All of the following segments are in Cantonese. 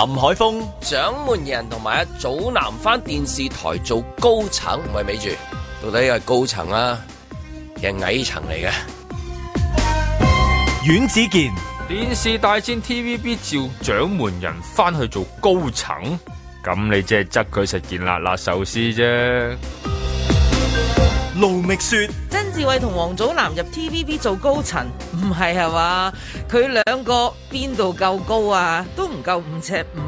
.林海峰，掌門人同埋阿祖藍翻電視台做高層，咪美住，到底係高層啊？係矮層嚟嘅。阮子健，電視大戰 TVB 照掌門人翻去做高層，咁你即係執佢食件辣辣壽司啫。盧覓雪：「曾志偉同王祖藍入 TVB 做高層。唔係，係嘛？佢兩個邊度夠高啊？都唔夠五尺五。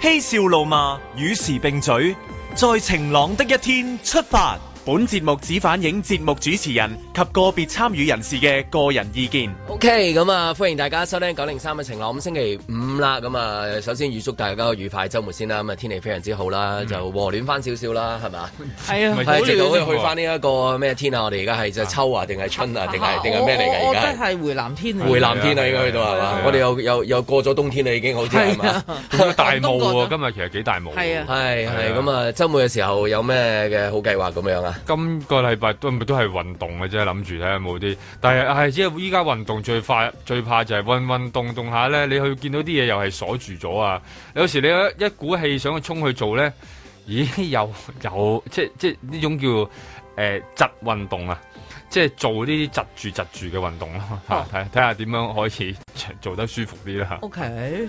嬉笑怒罵，與時並嘴，在晴朗的一天出發。本節目只反映節目主持人及個別參與人士嘅個人意見。OK，咁啊，歡迎大家收聽九零三嘅晴朗。咁星期五啦，咁啊，首先預祝大家愉快周末先啦。咁啊，天氣非常之好啦，嗯，就和暖翻少少啦，係嘛？係、哎、啊， 是是是好暖。去翻呢一個咩天啊？我哋而家係秋啊，定係、啊、春啊，定係定係咩嚟噶？而家、啊、我覺得係回南天嚟。回南天啊？應該、啊啊啊啊、去到係嘛、啊啊啊啊啊？我哋又又又過咗冬天啦，已經好天啊。大霧啊，霧啊今日其實幾大霧。係啊，係係咁啊，周、啊啊啊、末嘅時候有咩嘅好計劃咁樣啊？今個禮拜都咪都係運動嘅啫，諗住睇下冇啲，但係係只係依家運動最快最怕就係運運動動下咧，你去見到啲嘢，又係鎖住咗啊！有時你一一股氣想去衝去做咧，咦有有即即呢種叫誒、呃、窒運動，窒著窒著運動、哦、啊！即係做呢啲窒住窒住嘅運動咯吓，睇下睇下點樣可以做得舒服啲啦。O、okay,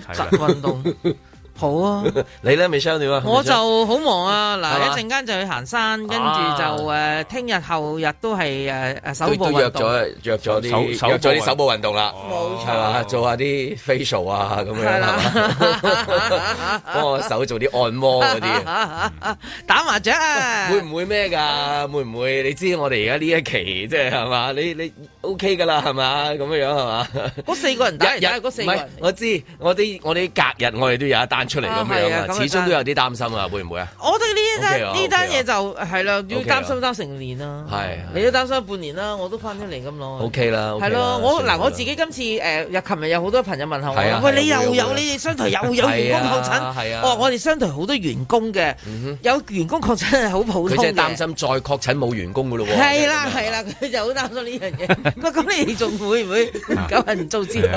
K，窒運動。 好啊！你咧未收掉啊？我就好忙啊！嗱，一陣間就去行山，跟住就誒，聽日後日都係誒誒，手部運動約咗約咗啲約咗啲手部運動啦，冇錯，做下啲 facial 啊咁樣，係嘛？幫我手做啲按摩嗰啲，打麻雀啊會唔會咩噶？會唔會？你知我哋而家呢一期即係係嘛？你你 OK 噶啦，係嘛？咁樣樣係嘛？嗰四個人打又係嗰四個人，我知我啲我啲隔日我哋都有，但出嚟咁樣，啊啊樣，始終都有啲擔心啊，會唔會啊？我對呢單呢、OK、單嘢就係啦、OK 啊，要擔心得成年啦。係、OK，你都擔心了半年啦，我都翻出嚟咁咯。OK 啦，係、OK、咯、啊，我嗱我自己今次誒，日琴日有好多朋友問下、啊、我，喂、啊、你又有、啊、你商、啊、台又有員工確診，係啊，哦、啊、我哋商台好多員工嘅、嗯，有員工確診係好普通嘅。佢即係擔心再確診冇員工噶咯喎。係啦係啦，佢、啊啊啊、就好擔心呢樣嘢。喂， 咁你仲會唔會夠人做節目？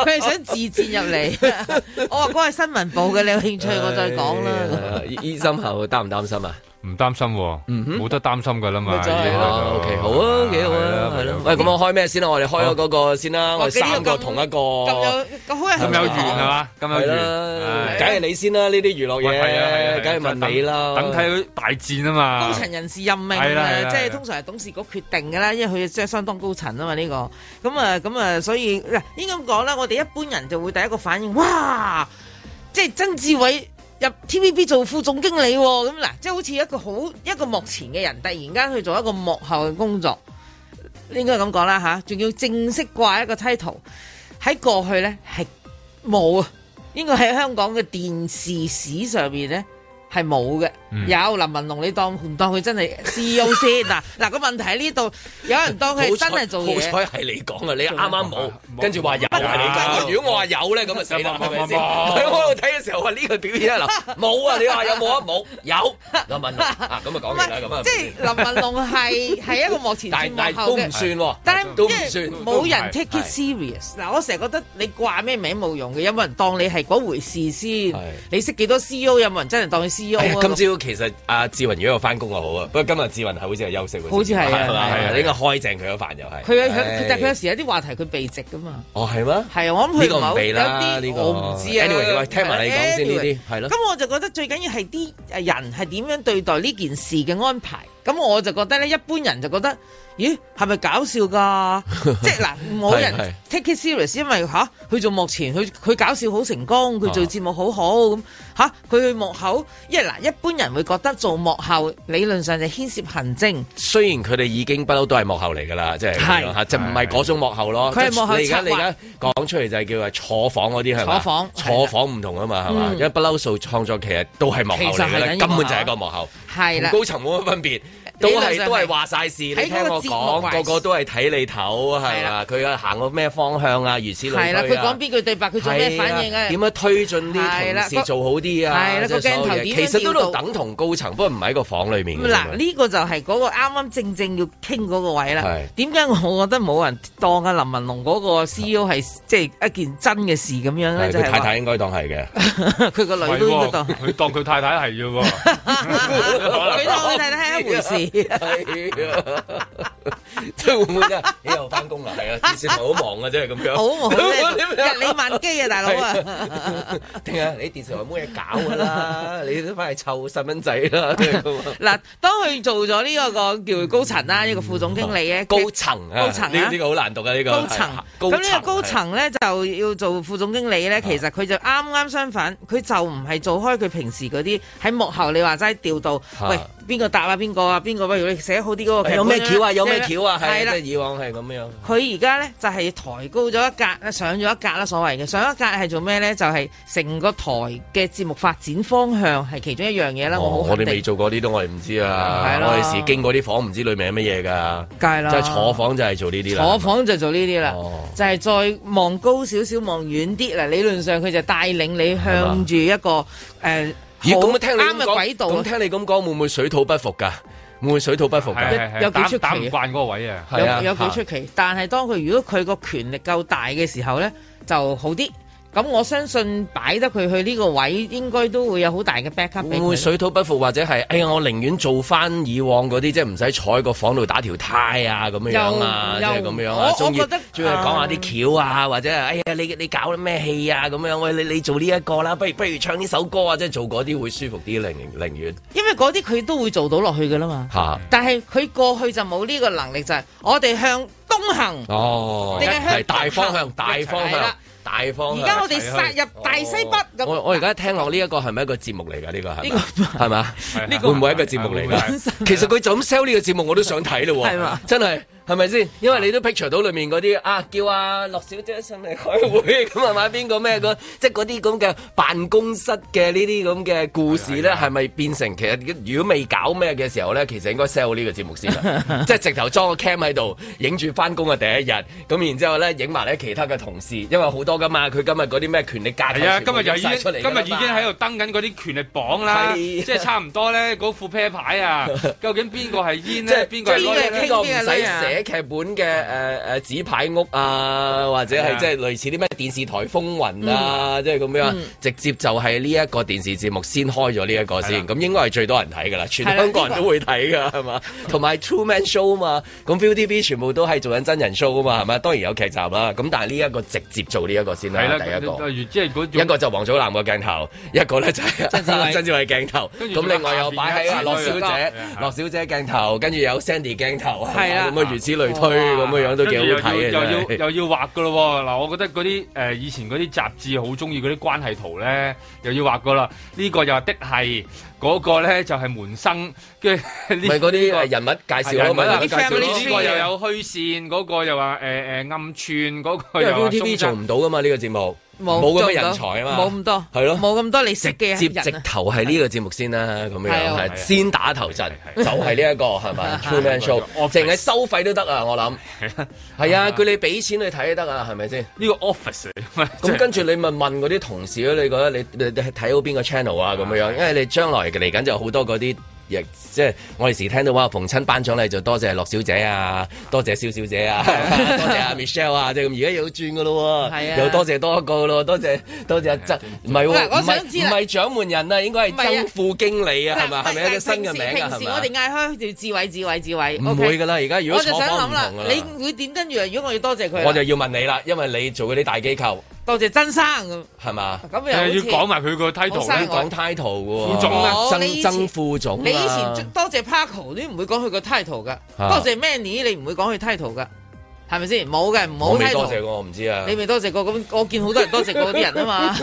佢係想自薦入嚟。我話新聞部嘅，你有興趣我再講啦、哎。醫生後擔唔擔心啊？唔 擔心、啊，冇、mm -hmm、得擔心噶啦嘛。啊啊啊啊、o、okay, K 好啊，幾、uh, 好啊，係、啊、咯。喂、啊，咁、啊啊啊啊嗯、我開咩先啊？我哋開咗嗰個先啦、啊啊，我哋三個同一個咁有咁有緣係嘛，咁、啊、有緣、啊，梗係、啊啊啊、你先啦。呢啲娛樂嘢，梗係問你咯。等睇佢大戰啊嘛，高層人士任命即係通常係董事局決定噶啦，因為佢即係相當高層啊嘛呢個咁啊咁啊，所以應該咁講啦。我哋一般人就會第一個反應，哇、啊！即係曾志偉入 TVB 做副總經理咁、啊、嗱，即係好似一個好一個幕前嘅人，突然間去做一個幕後嘅工作，應該咁講啦吓，仲要正式掛一個 title 喺過去咧係冇啊，應該喺香港嘅電視史上面咧係冇嘅。嗯、有林文龍，你當唔當佢真係 CEO 先嗱、啊？嗱 個、啊、問題喺呢度，有人當佢真係做嘢。好彩係你講啊，你啱啱冇，跟住話有。如果我話有咧，咁啊死啦，係咪先？喺、啊啊啊、我度睇嘅時候話呢個表現啊，冇 啊，你話有冇 啊？冇有林文龍啊，咁啊講啦，咁 啊但是，即係林文龍係係一個幕前但係都唔算，但都唔算，冇人 take it serious。嗱，我成日覺得你掛咩名冇用嘅，有冇人當你係嗰回事先？你識幾多 CEO 有冇人真係當你 CEO 今朝？其實阿志雲如果有翻工就好啊，不過今日志雲係好似係休息喎，好似係啊，呢個開正佢一飯又係。佢有佢，但係佢有時有啲話題佢避席噶嘛。哦，係咩？係啊，我諗佢冇有啲、呢個，我唔知啊。Anyway，喂，聽埋你講先呢啲，係、anyway, 咯。咁我就覺得最緊要係啲誒人係點樣對待呢件事嘅安排。咁我就覺得咧，一般人就覺得，咦，係咪搞笑㗎？即係嗱，冇人 take it serious，因為吓佢、啊、做幕前，佢佢搞笑好成功，佢做節目好好咁吓佢去幕後，因為嗱一般人會覺得做幕後理論上就牽涉行政，雖然佢哋已經不嬲都係幕後嚟㗎啦，即係就唔係嗰種幕後咯。佢係幕後，你而家你而家講出嚟就係叫做坐房嗰啲係咪？坐房，坐房唔同啊嘛，係嘛？因為不嬲數創作其實都係幕後嚟嘅、嗯、根本就係一個幕後，同高層冇乜分別。都係都係話晒事，你聽我講，個個都係睇你頭係啊，佢嘅，行個咩方向啊？如此類推、啊。係啦、啊，佢講邊句對白，佢做咩反應啊？點、啊、樣推進啲同事、啊、做好啲啊？係啦、啊，個、就、鏡、是、頭點樣調？其實喺度等同高層，不過唔喺個房裏面。嗱、嗯、呢、這個就係嗰個啱啱正正要傾嗰個位啦。點解我我覺得冇人當阿林文龍嗰個 C E O 係即係一件真嘅事咁樣咧？即係太太應該當係嘅，佢 個女當，佢當佢太太係啫。佢 當佢太太係一回事。 不知 係啊，即係會唔會啊？你又翻工啦？係啊，電視好忙啊，即係咁樣。好忙啊！日理萬機啊，大佬啊！點解你電視冇乜嘢搞噶啦？你都翻嚟湊細蚊仔啦？嗱，當佢做咗呢個個叫高層啦，呢個副總經理嘅高層，高層呢呢個好難讀嘅呢個。高層咁呢個高層咧就要做副總經理咧，其實佢就啱啱相反，佢就唔係做開佢平時嗰啲喺幕後，你話齋調度，喂邊個答啊邊個啊邊個？不如你寫好啲嗰個劇有咩橋啊？有咩橋啊？係啦，以往係咁樣。佢而家咧就係抬高咗一格，上咗一格啦，所謂嘅上一格係做咩咧？就係成個台嘅節目發展方向係其中一樣嘢啦。我我哋未做過啲都我哋唔知啊。我哋時經過啲房唔知裏面係乜嘢㗎。梗係啦，就坐房就係做呢啲啦。坐房就做呢啲啦，就係再望高少少，望遠啲啦。理論上佢就帶領你向住一個誒啱嘅軌道。我聽你咁講，會唔會水土不服㗎？會水土不服有,、啊啊、有，有幾出奇，有幾出奇，但係當佢如果佢個權力夠大嘅時候咧，就好啲。咁我相信擺得佢去呢個位，應該都會有好大嘅 backup。嘅。會唔會水土不服或者係？哎呀，我寧願做翻以往嗰啲，即係唔使坐喺個房度打條呔啊，咁樣樣啊，即係咁樣我我覺得，即係講下啲橋啊，或者哎呀，你你，你搞咩戲啊？咁樣喂，你你做呢一個啦，不如不如唱呢首歌啊，即係做嗰啲會舒服啲，寧寧願。因為嗰啲佢都會做到落去噶啦嘛。吓，但係佢過去就冇呢個能力就係、是，我哋向東行哦，係大方向地地，大方向。大方。而家我哋殺入大西北咁、哦樣。我我而家聽落呢一個係咪一個節目嚟㗎？呢、呢個係嘛？呢、呢個吧 會唔會係一個節目嚟㗎？ 其實佢就咁 sell 呢個節目，我都想睇咯喎。嘛 吧？真係。係咪先？因為你都 picture 到裏面嗰啲啊，叫啊，落小姐上嚟開會，咁啊，買邊個咩即係嗰啲咁嘅辦公室嘅呢啲咁嘅故事咧，係咪變成其實如果未搞咩嘅時候咧，其實應該 sell 呢個節目先 即係直頭裝個 cam 喺度影住翻工嘅第一日，咁然之後咧影埋咧其他嘅同事，因為好多噶嘛。佢今日嗰啲咩權力架係啊？今日又已經出嚟。今日已經喺度登緊嗰啲權力榜啦。即係差唔多咧，嗰副 pair 牌啊，究竟邊 個係煙？即係邊個？邊個唔使寫？劇本嘅、誒誒紙牌屋啊，或者係即係類似啲咩電視台風雲啊，即係咁樣，嗯，直接就係呢一個電視節目先開咗呢一個先，咁，嗯，應該係最多人睇噶啦，全香港人都會睇噶係嘛，同埋 Truman Show 啊嘛，咁 Viu TV 全部都係做緊真人 show 啊嘛，係，嗯，咪當然有劇集啦，咁但係呢一個直接做呢一個先啦，係啦，第一個，就是，一個就黃祖藍嘅鏡頭，一個咧就係曾志偉鏡頭，咁另外又擺喺羅小姐羅小姐鏡頭，跟住有，嗯，有 Sandy 鏡頭，係啦，啊類推咁嘅樣都幾好睇嘅，又要又要畫噶咯喎！嗱，我覺得嗰啲、呃、以前嗰啲雜誌好中意嗰啲關係圖咧，又要畫噶啦。呢、這個又話的係，嗰、那個咧就係門生，跟住唔係嗰啲人物介紹咯、那個。啲 friend 呢個又有虛線，嗰、那個又話誒暗串，嗰個做唔到噶嘛，呢個節目。冇咁多人才啊嘛，冇咁多，係咯，冇咁多你食嘅人接、啊、直頭係呢個節目先啦，咁 樣係子 先打頭陣， 就係呢一個係咪 True Man Show，淨 係收費都得啊，我諗係 是的 啊，叫你佢俾錢去睇得啊，係咪先？呢個 office 咁 跟住你咪問嗰啲同事，你覺得你你睇好邊個 channel 啊？咁樣， 因為你將來嚟緊就好多嗰啲。亦即係我哋時聽到話逢親頒獎禮就多謝樂小姐啊，多謝蕭小、小姐啊， 多謝阿 Michelle 啊，即係咁而家又轉噶咯，係啊，又多謝多一個咯，多謝多謝阿曾唔係喎，唔係、我想知、掌門人啊，應該係曾副經理啊，係嘛，係咪一個新嘅名啊？平時我哋嗌開叫智偉、智偉、智偉，唔會噶啦，而家如果我想想房啦，你會點跟住？如果我要多謝佢，我就要問你啦，因為你做嗰啲大機構。多謝曾生，係嘛？咁又要講埋佢個 title，講 title 嘅副總曾副總。你以前多謝 Paco，你唔會講佢個 title 嘅、啊；多謝 Manny，你唔會講佢 title 嘅。係咪先？冇嘅，唔好睇多謝過，我唔知啊你謝謝。你未多謝過咁，我見好多人多謝過啲人啊嘛。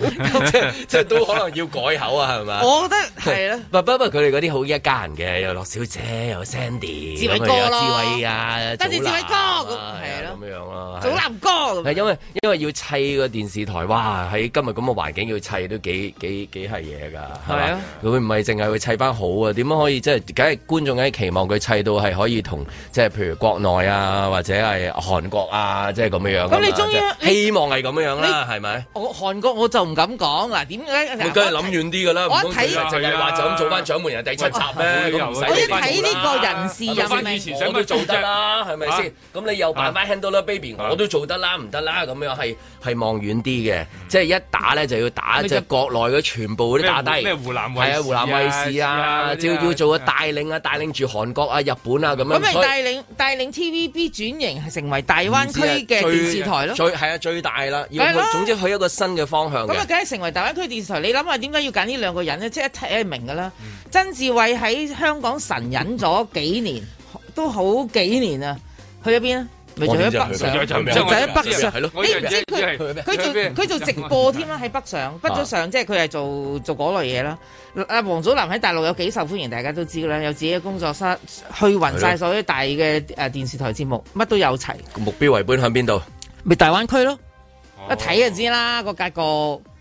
咁即即都可能要改口啊，係咪？我覺得係咯。唔不過佢哋嗰啲好一家人嘅，又樂小姐，又 Sandy，志偉哥咯，志偉啊，跟住志偉哥咁，咁樣咯。祖、啊啊、藍哥係因為因為要砌個電視台，哇！喺今日咁嘅環境要砌都幾幾幾係嘢㗎，係嘛？佢唔係淨係會砌翻好啊？點樣可以即係？梗係觀眾梗係期望佢砌到係可以同即係譬如國內啊。嗯或者係韓國啊，即係咁樣樣。咁你中意、就是、希望係咁樣樣啦，係咪？我韓國我就唔敢講。嗱，點解？你梗係諗遠啲噶啦。我睇就係話，就咁做翻《掌門人》第七集咧、啊，我一睇呢個人事想面，我都做得啦，係咪先？咁、啊、你又慢慢 handle 啦，baby，我都做得啦，唔、啊、得啦，咁樣係係望遠啲嘅，即、啊、係、就是、一打咧就要打一隻、啊就是、國內嗰全部嗰啲打低。咩湖南衞、啊？係啊，湖南衞視啊，要、啊、要、啊、做個帶領啊，啊，帶領住韓國啊、日本啊咁樣。咁咪帶領帶領 TVB？轉型係成為大灣區嘅電視台咯，最係啊最大啦、啊！總之去一個新嘅方向的。咁啊，梗係成為大灣區嘅電視台。你諗下，點解要揀呢兩個人咧？即係一睇明㗎啦。曾志偉喺香港神隱咗幾年， 都好幾年啊，去咗邊啊？咪就喺北上，就喺北上，係咯？你唔知佢佢做佢做直播添啦，喺北上， 北咗上是是，即係佢係做做嗰類嘢啦。阿王祖藍喺大陸有幾受歡迎，大家都知噶啦，有自己嘅工作室，去勻晒所有大嘅誒電視台節目，乜都有齊。目標為本向邊度？咪、就是、大灣區咯，哦、一睇就知啦個格局。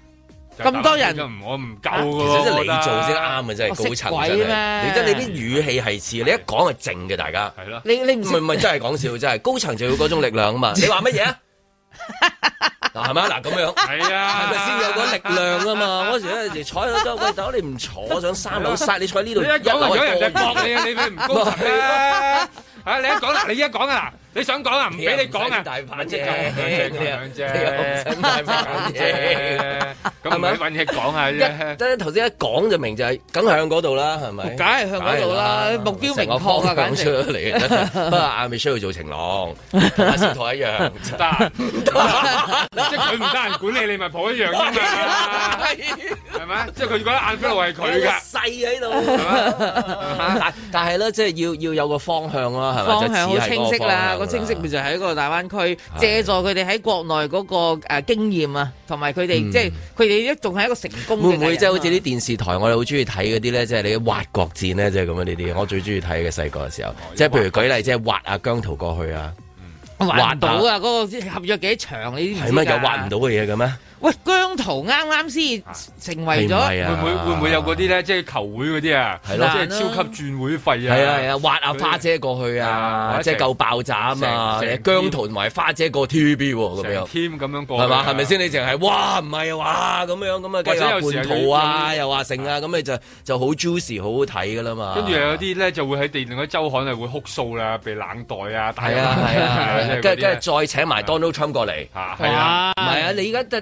咁多人，我唔夠噶喎。其實即係你做先啱嘅，真係高層真係。你即係你啲語氣係似，你一講係靜嘅，大家。係咯。你你唔係唔係真係講笑，真係高層就要嗰種力量啊嘛。你話乜嘢啊？嗱係咪啊？嗱咁樣。係啊。係咪先有個力量啊嘛？嗰時咧，而坐喺度，佢走你唔坐上三樓，殺你坐喺呢度。你一講，有人就惡你啊！你你唔高層咩？啊！你一講啦，你一講啊！你想講啊？唔俾你講啊！大把啫，咁樣啫，咁唔會揾嘢講啊！一頭先一講就明就係，梗係向嗰度啦，係咪？梗係向嗰度啦，目標明確啊！講衰嚟，不過亞視衰去做情郎，同電視台一樣，即係佢唔得人管理，你咪同佢一樣啦，係咪？即係佢覺得亞視路係佢㗎，細喺度，但係咧，即係要要有個方向啦，係咪？方向好清晰啦。個清晰咪就係一個大灣區，借助佢哋喺國內嗰個誒經驗啊，同埋佢哋即係佢哋一仲係一個成功。會唔會即係好似啲電視台，我哋好中意睇嗰啲咧，即係你挖角戰咧，即係咁樣！呢啲我最中意睇嘅，細個嘅時候，即係譬如舉例，即係挖阿姜濤過去啊，挖到啊，嗰個合約幾長，你係咪有挖唔到嘅嘢嘅咩？喂，姜濤啱啱先成為咗、啊，會唔會會唔會有嗰啲咧？即係球會嗰啲啊，即係超級轉會費啊，係啊係啊，挖下、啊、花姐過去啊，或者、啊、夠爆炸啊嘛！姜濤同埋花姐過 TVB 咁、啊、樣，team 咁樣過，係嘛？係咪先？你淨係哇唔係啊，咁樣咁啊，或者有叛徒啊，又話成啊，咁咪就就 juicy、啊、好 juicy 好好睇㗎啦嘛！跟住有啲咧就會喺電台嗰周刊係會哭訴啦，被冷待啊，係啊跟跟住再請埋 Donald Trump 過嚟嚇，係啊，唔係啊，啊，啊，你而家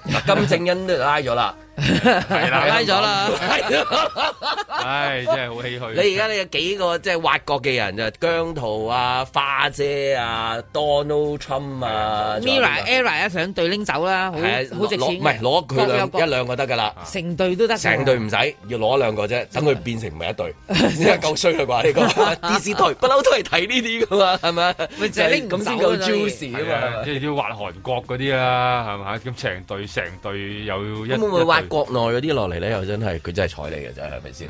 金正恩都拉咗啦，係啦，拉咗啦，係，唉，真係好唏噓。你而家你有幾個即係挖角嘅人就姜濤啊、花姐啊、Donald Trump 啊、Mirror、Era 啊，想隊拎走啦，係啊，好值錢，唔係攞佢一兩個得噶啦，成隊都得，成隊唔使，要攞兩個啫，等佢變成唔係一隊，夠衰啦啩？呢個電視台不嬲都係睇呢啲噶嘛，係咪？咪就拎，咁先叫 juicy 啊嘛，即係要挖韓國嗰啲啦，係咪？咁成隊。成隊有一，會唔會話國內嗰啲落嚟咧？又真係佢真係睬你嘅啫，係咪先？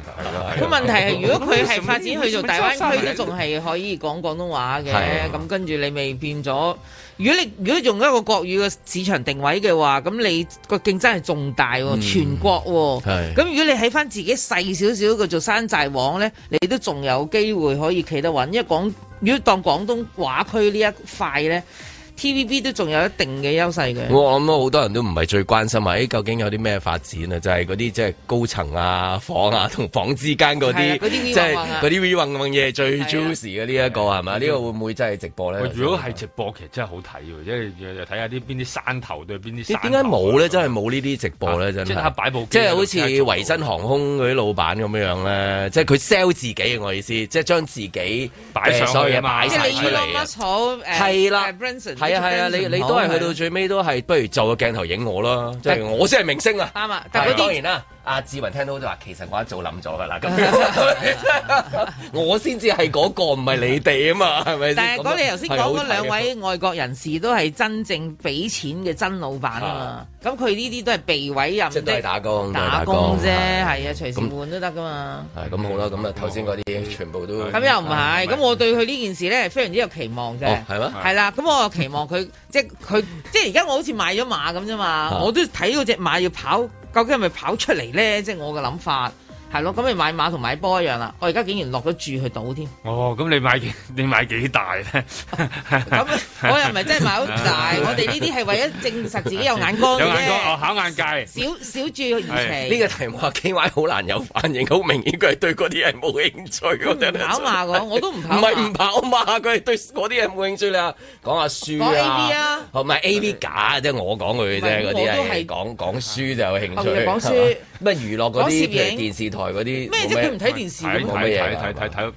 咁 問題係，如果佢係發展去做大灣區，都仲係可以講廣東話嘅。咁跟住你未變咗。如果你如果你用一個國語嘅市場定位嘅話，咁你個競爭係仲大喎、哦嗯，全國喎、哦。咁如果你喺翻自己細少少嘅做山寨王咧，你都仲有機會可以企得穩。因為廣如果當廣東話區呢一塊咧。T.V.B. 都仲有一定嘅優勢嘅。我諗好多人都唔係最關心啊！誒，究竟有啲咩發展啊？就係嗰啲即係高層啊、房啊同、嗯、房之間嗰啲，即係嗰啲 we 揾揾嘢最 juicy 嘅呢一個係嘛？呢、嗯呢個會唔會真係直播咧？如果係直播，其實真係好睇喎，即係睇下啲邊啲山頭對邊啲山頭。點解冇咧？真係冇呢啲直播咧？真係、啊、即刻擺部即係好似維珍航空嗰啲老闆咁樣樣咧、嗯，即係佢 sell 自己嘅、嗯、我意思係，即係將自己擺上曬嘢，所的擺曬出嚟嘅。係啦，係。係啊，你你，你都係去到最尾都係，不如就個鏡頭影我啦，即係我先係明星啊！啱啊，但係、啊、當然啦。阿、啊、志文聽到就話：其實我一早諗咗噶啦，咁 我先知係嗰個，唔係你哋啊嘛，係咪？但係講你頭先講嗰兩位外國人士都係真正俾錢嘅真老闆啊嘛，咁佢呢啲都係被委任係打工啫，係啊，隨時換都得噶嘛。係咁好啦，咁啊頭先嗰啲全部都咁又唔係，咁我對佢呢件事咧非常之有期望嘅，係、哦、咩？係啦，咁我有期望佢 即係佢即係而家我好似買咗馬咁啫嘛，我都睇到隻馬要跑。究竟係咪跑出嚟咧？即係我嘅諗法。係咯，咁你買馬同買波一樣啦。我而家竟然落咗注去賭添。哦，咁你買幾你買幾大咧？咁我又唔係真係買好大？我哋呢啲係為咗證實自己有眼光嘅。有眼光啊，考眼界。少少注二期。呢個題目傾話好難有反應，好明顯佢係對嗰啲人冇興趣。跑馬我我都唔唔係唔跑馬，佢係對嗰啲人冇興趣啦。講下書啊，唔係 A B 假，即係我講佢啫。嗰啲係講講書就有興趣。講書。乜娛樂嗰啲譬如電視台。咩啫？佢唔睇電視，睇睇睇睇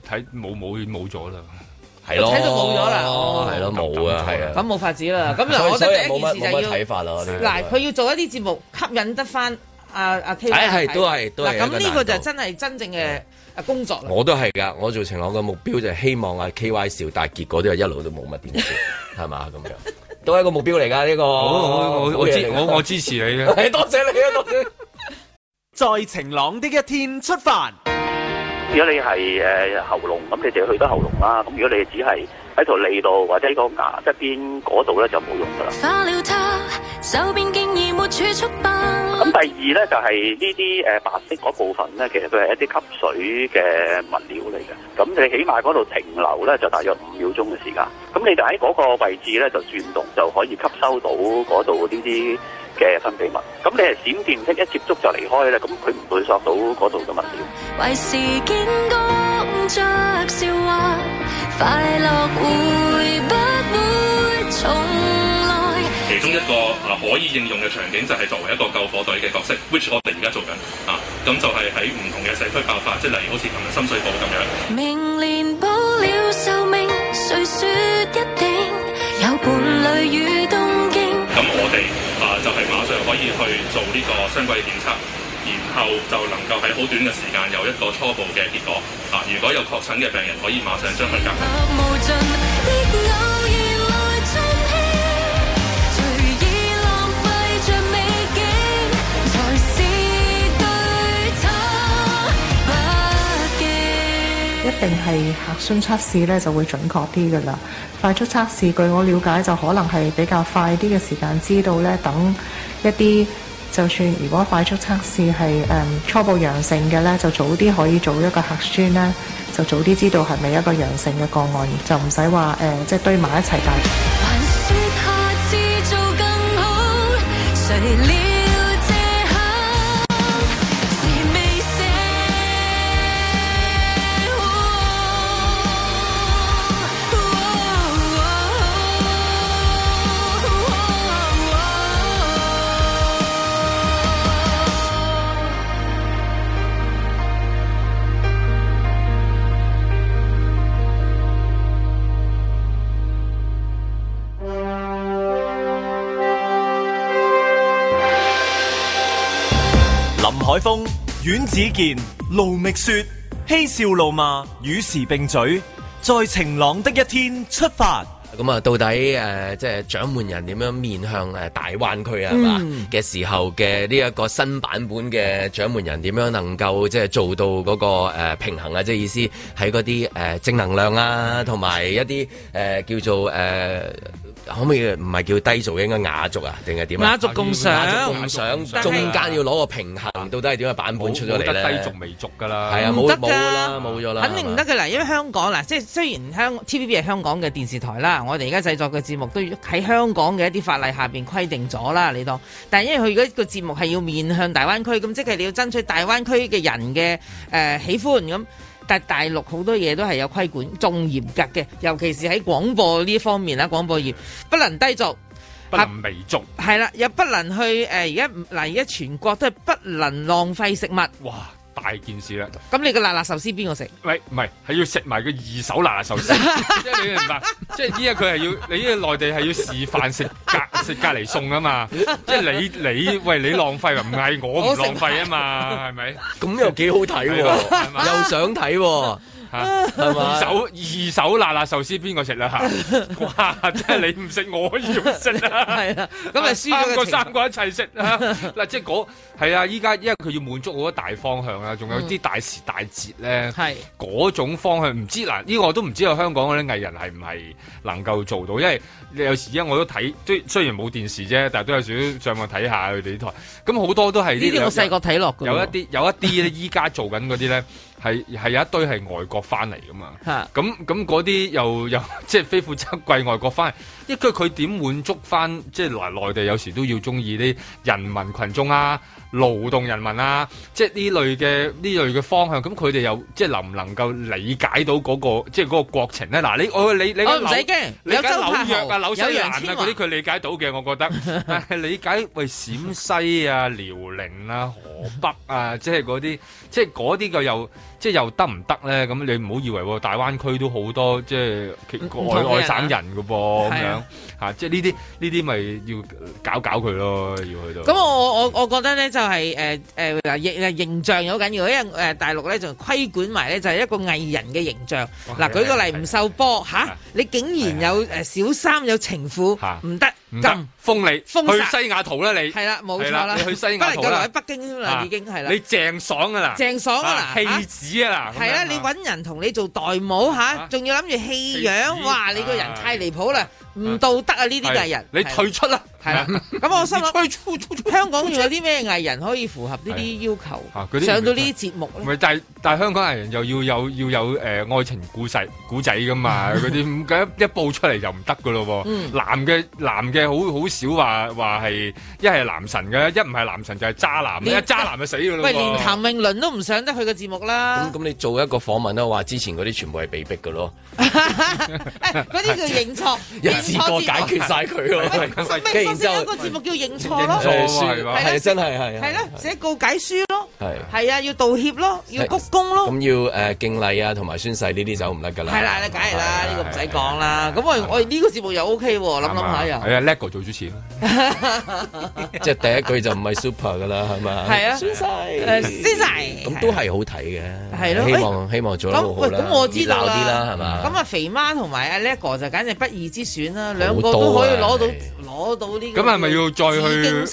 睇冇冇冇咗啦，係咯，睇到冇咗啦，係、哦、咯，冇啊，係啊，咁冇法子啦。咁嗱，我第一件事就是，要睇法啦。嗱、這個就是，佢要做一啲節目，吸引得返阿阿 K，係係、哎、都係都係咁。呢個，呢個就真係真正嘅工作。我都係噶，我做情我嘅目標就係希望阿 K Y 笑，但係結果都係一路都冇乜電視，係嘛咁樣，都係個目標嚟噶呢個。哦啊、個我，啊個我，啊我，啊、我支持你啊！多謝你啊！多謝。在晴朗的一天出發。如果你係喉嚨，咁你就去到喉嚨啦。咁如果你是只係喺條脷度或者呢個牙側邊嗰度咧，就冇用噶啦。咁第二呢，就係呢啲白色嗰部分呢，其實佢係一啲吸水嘅物料嚟嘅。咁你起碼嗰度停留呢，就大約五秒鐘嘅時間。咁你就喺嗰個位置呢，就轉動，就可以吸收到嗰度呢啲。嘅分泌物，咁你係閃電式一接觸就離開咧，咁佢唔會索到度嘅物料。其中一個啊可以應用嘅場景就係作為一個救火隊嘅角色，which 我哋而家做緊啊，咁就係喺唔同嘅社區爆發，即係例如好似琴日深水埗咁樣。咁我哋啊就係馬上可以去做呢個相關嘅檢測，然後就能夠喺好短嘅時間有一個初步嘅結果。啊，如果有確診嘅病人，可以馬上將佢隔離。定係核酸測試呢，就會準確啲噶啦。快速測試，據我了解，就可能係比較快啲嘅時間知道呢。等一啲，就算如果快速測試係誒初步陽性嘅呢，就早啲可以做一個核酸呢，就早啲知道係咪一個陽性嘅個案，就唔使話誒即係堆埋一齊大。阮子健，盧覓雪，嬉笑怒罵，與時並舉，在晴朗的一天出發。咁啊，到底誒、呃、即係《掌門人》點樣面向誒大灣區啊？嘛、嗯、嘅時候嘅呢一個新版本嘅《掌門人》點樣能夠即係做到嗰、嗰個誒、呃、平衡啊？即係意思喺嗰啲誒正能量啊，同埋一啲誒、呃、叫做誒、呃、可唔可以唔係叫低俗應該雅俗啊？定係點樣雅俗共賞，雅俗共賞，中間要攞個平衡，到底係點嘅版本出咗嚟低俗未俗㗎啦，係啊冇得㗎啦，冇咗啦，肯定唔得㗎啦。因為香港嗱，即係雖然香 TVB 係香港嘅電視台啦。我哋而家製作嘅節目都喺香港嘅一啲法例下邊規定咗啦，你當。但係因為佢如果個節目係要面向大灣區，咁即係你要爭取大灣區嘅人嘅誒、呃、喜歡。咁但係大陸好多嘢都係有規管，仲嚴格嘅，尤其是喺廣播呢方面啦，廣播業不能低俗，不能媚俗，係、啊、啦，又不能去誒。而家嗱，而家全國都係不能浪費食物哇。大件事啦！咁你個辣辣壽司邊個食？喂，唔係，係要食埋個二手辣辣壽司。即 係你明白，即係依家佢係要你呢個內地係要示範食隔食隔離餸啊嘛！即 係你你喂你浪費，唔係我唔浪費啊嘛，係咪？咁又幾好睇喎， 又想睇喎、啊。 二手 二手辣辣壽司，邊個食啦？哇！ 真係你唔食，我要食啦。係啦，咁啊，三個, 三個 三個一齊食、啊。嗱，即係嗰係啊！依家因為佢要滿足好多大方向啦，仲有啲大時大節咧。係、嗯、嗰種方向，唔知嗱，呢、呢個我都唔知道，香港嗰啲藝人係唔係能夠做到？因為有時因為我都睇，雖然冇電視啫，但係都有時上網睇下佢哋啲台。咁好多都係呢啲，我細個睇落嘅。有一啲有一啲咧，依家做緊嗰啲咧。係係有一堆係外國翻嚟噶嘛，咁咁嗰啲又又即係非富則貴外國翻嚟，一佢佢點滿足翻，即係內內地有時都要中意啲人民群眾啊。勞動人民啊，即係呢類嘅呢類嘅方向，咁佢哋又即係能唔能夠理解到嗰個即係嗰個國情咧？嗱，你我你你唔使驚，你而家紐約啊、紐西蘭啊嗰啲佢理解到嘅，我覺得。但係理解為陝， 西啊、遼寧啊、河北啊，即係嗰啲，即係嗰啲佢又。即係又得唔得咧？咁你唔好以為喎，大灣區都好多即係外外省人嘅噃咁樣嚇。即係呢啲呢啲咪要搞搞佢咯，要去到。咁我我我覺得咧就係誒誒嗱形形象好緊要，因為誒大陸咧就規管埋咧就係一個藝人嘅形象。嗱舉個例，吳秀波嚇，你竟然有誒小三有情婦，唔得。咁封你封，去西雅圖啦你。係啦，冇錯啦，啦，你去西雅圖啦。不能夠留喺北京啦，啊、已經係啦。你鄭爽啊啦，鄭爽啊啦，戲子啊氣啦。係啦，啊啦啦啊、你搵人同你做代母吓，仲、啊啊、要諗住戲樣氣，哇！你個人太離譜啦。啊啊唔道德啊！呢啲藝人，你退出啦 。係、嗯、咁我心諗，香港仲有啲咩藝人可以符合呢啲要求？啊、上到節呢啲節目咪但係香港藝人又要有要有誒愛情故事古仔噶嘛？嗰啲咁一一報出嚟就唔得噶咯。喎、嗯。男嘅男嘅好好少話話係一係男神㗎，一唔係男神就係渣男。連渣男就死噶啦、啊。喂，連譚詠麟都唔上得佢嘅節目啦。咁你做一個訪問都話之前嗰啲全部係被逼噶咯。 嗰啲叫認錯。自個解決晒佢咯，咪頭先有個節目叫認錯咯，係真係係。係啦，寫告解書咯，係係啊，要道歉咯，要鞠躬咯。咁要誒敬禮啊，同埋宣誓呢啲就唔得㗎啦。係啦，梗係啦，呢個唔使講啦。咁我我呢個節目又 OK 喎，諗諗下又係啊，Leo 做主持，即係第一句就唔係 super 㗎啦，係嘛？係啊，宣誓，宣誓，咁都係好睇嘅。係咯，希望希望做咁我知鬧啲啦，係嘛？咁啊，肥媽同埋阿 Leo 就簡直不二之選。兩個都可以攞到啊。嗯攞到呢個咁係咪要再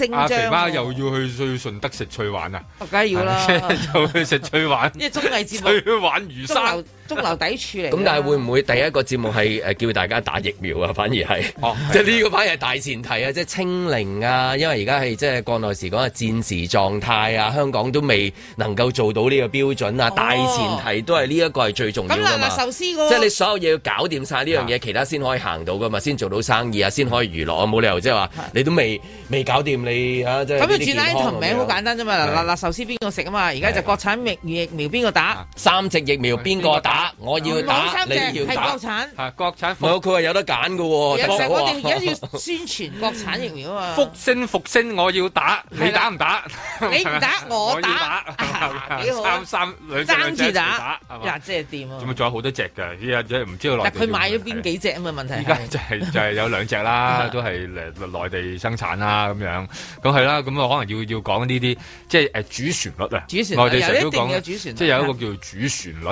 去阿、啊、肥媽又要去去順德食趣玩啊？梗係要啦， 去食趣玩！因 係綜藝節目玩魚生，中樓底處嚟。咁、 啊、但係會唔會第一個節目係 叫大家打疫苗啊？反而係、哦，即係呢個反而係大前提啊！即係清零啊，因為而家係即係國內時講係戰時狀態啊，香港都未能夠做到呢個標準啊，哦、大前提都係呢一個係最重要㗎嘛。咁壽司嗰即係你所有嘢要搞掂晒呢樣嘢，其他先可以行到㗎嘛，先做到生意啊，先可以娛樂啊，冇即係話，你都未未搞掂你吓，咁要轉 title 名好簡單啫、啊啊、嘛。嗱，辣辣壽司邊個食啊嘛？而家就國產疫苗邊個打？啊、三隻疫苗邊個打，打，打？我要打，係國產，係、啊、國產。冇，佢話有得揀噶。其、啊、實、啊、我哋而家要宣傳國產疫苗啊嘛。復 星復星，我要打，你打唔打？你唔打我打， 我要打 啊、三三兩隻即係打，係即係掂。咁啊，仲有好多隻噶，依家唔知道佢買咗邊幾隻啊？嘛、啊、問題。依家係就係、是就是、有兩隻啦， 都係。誒內地生產啦、啊、咁樣，咁係啦，咁我可能要要講呢啲，即係誒、啊、主旋律啊，主旋律內地成日都講，主旋即係有一個叫主旋律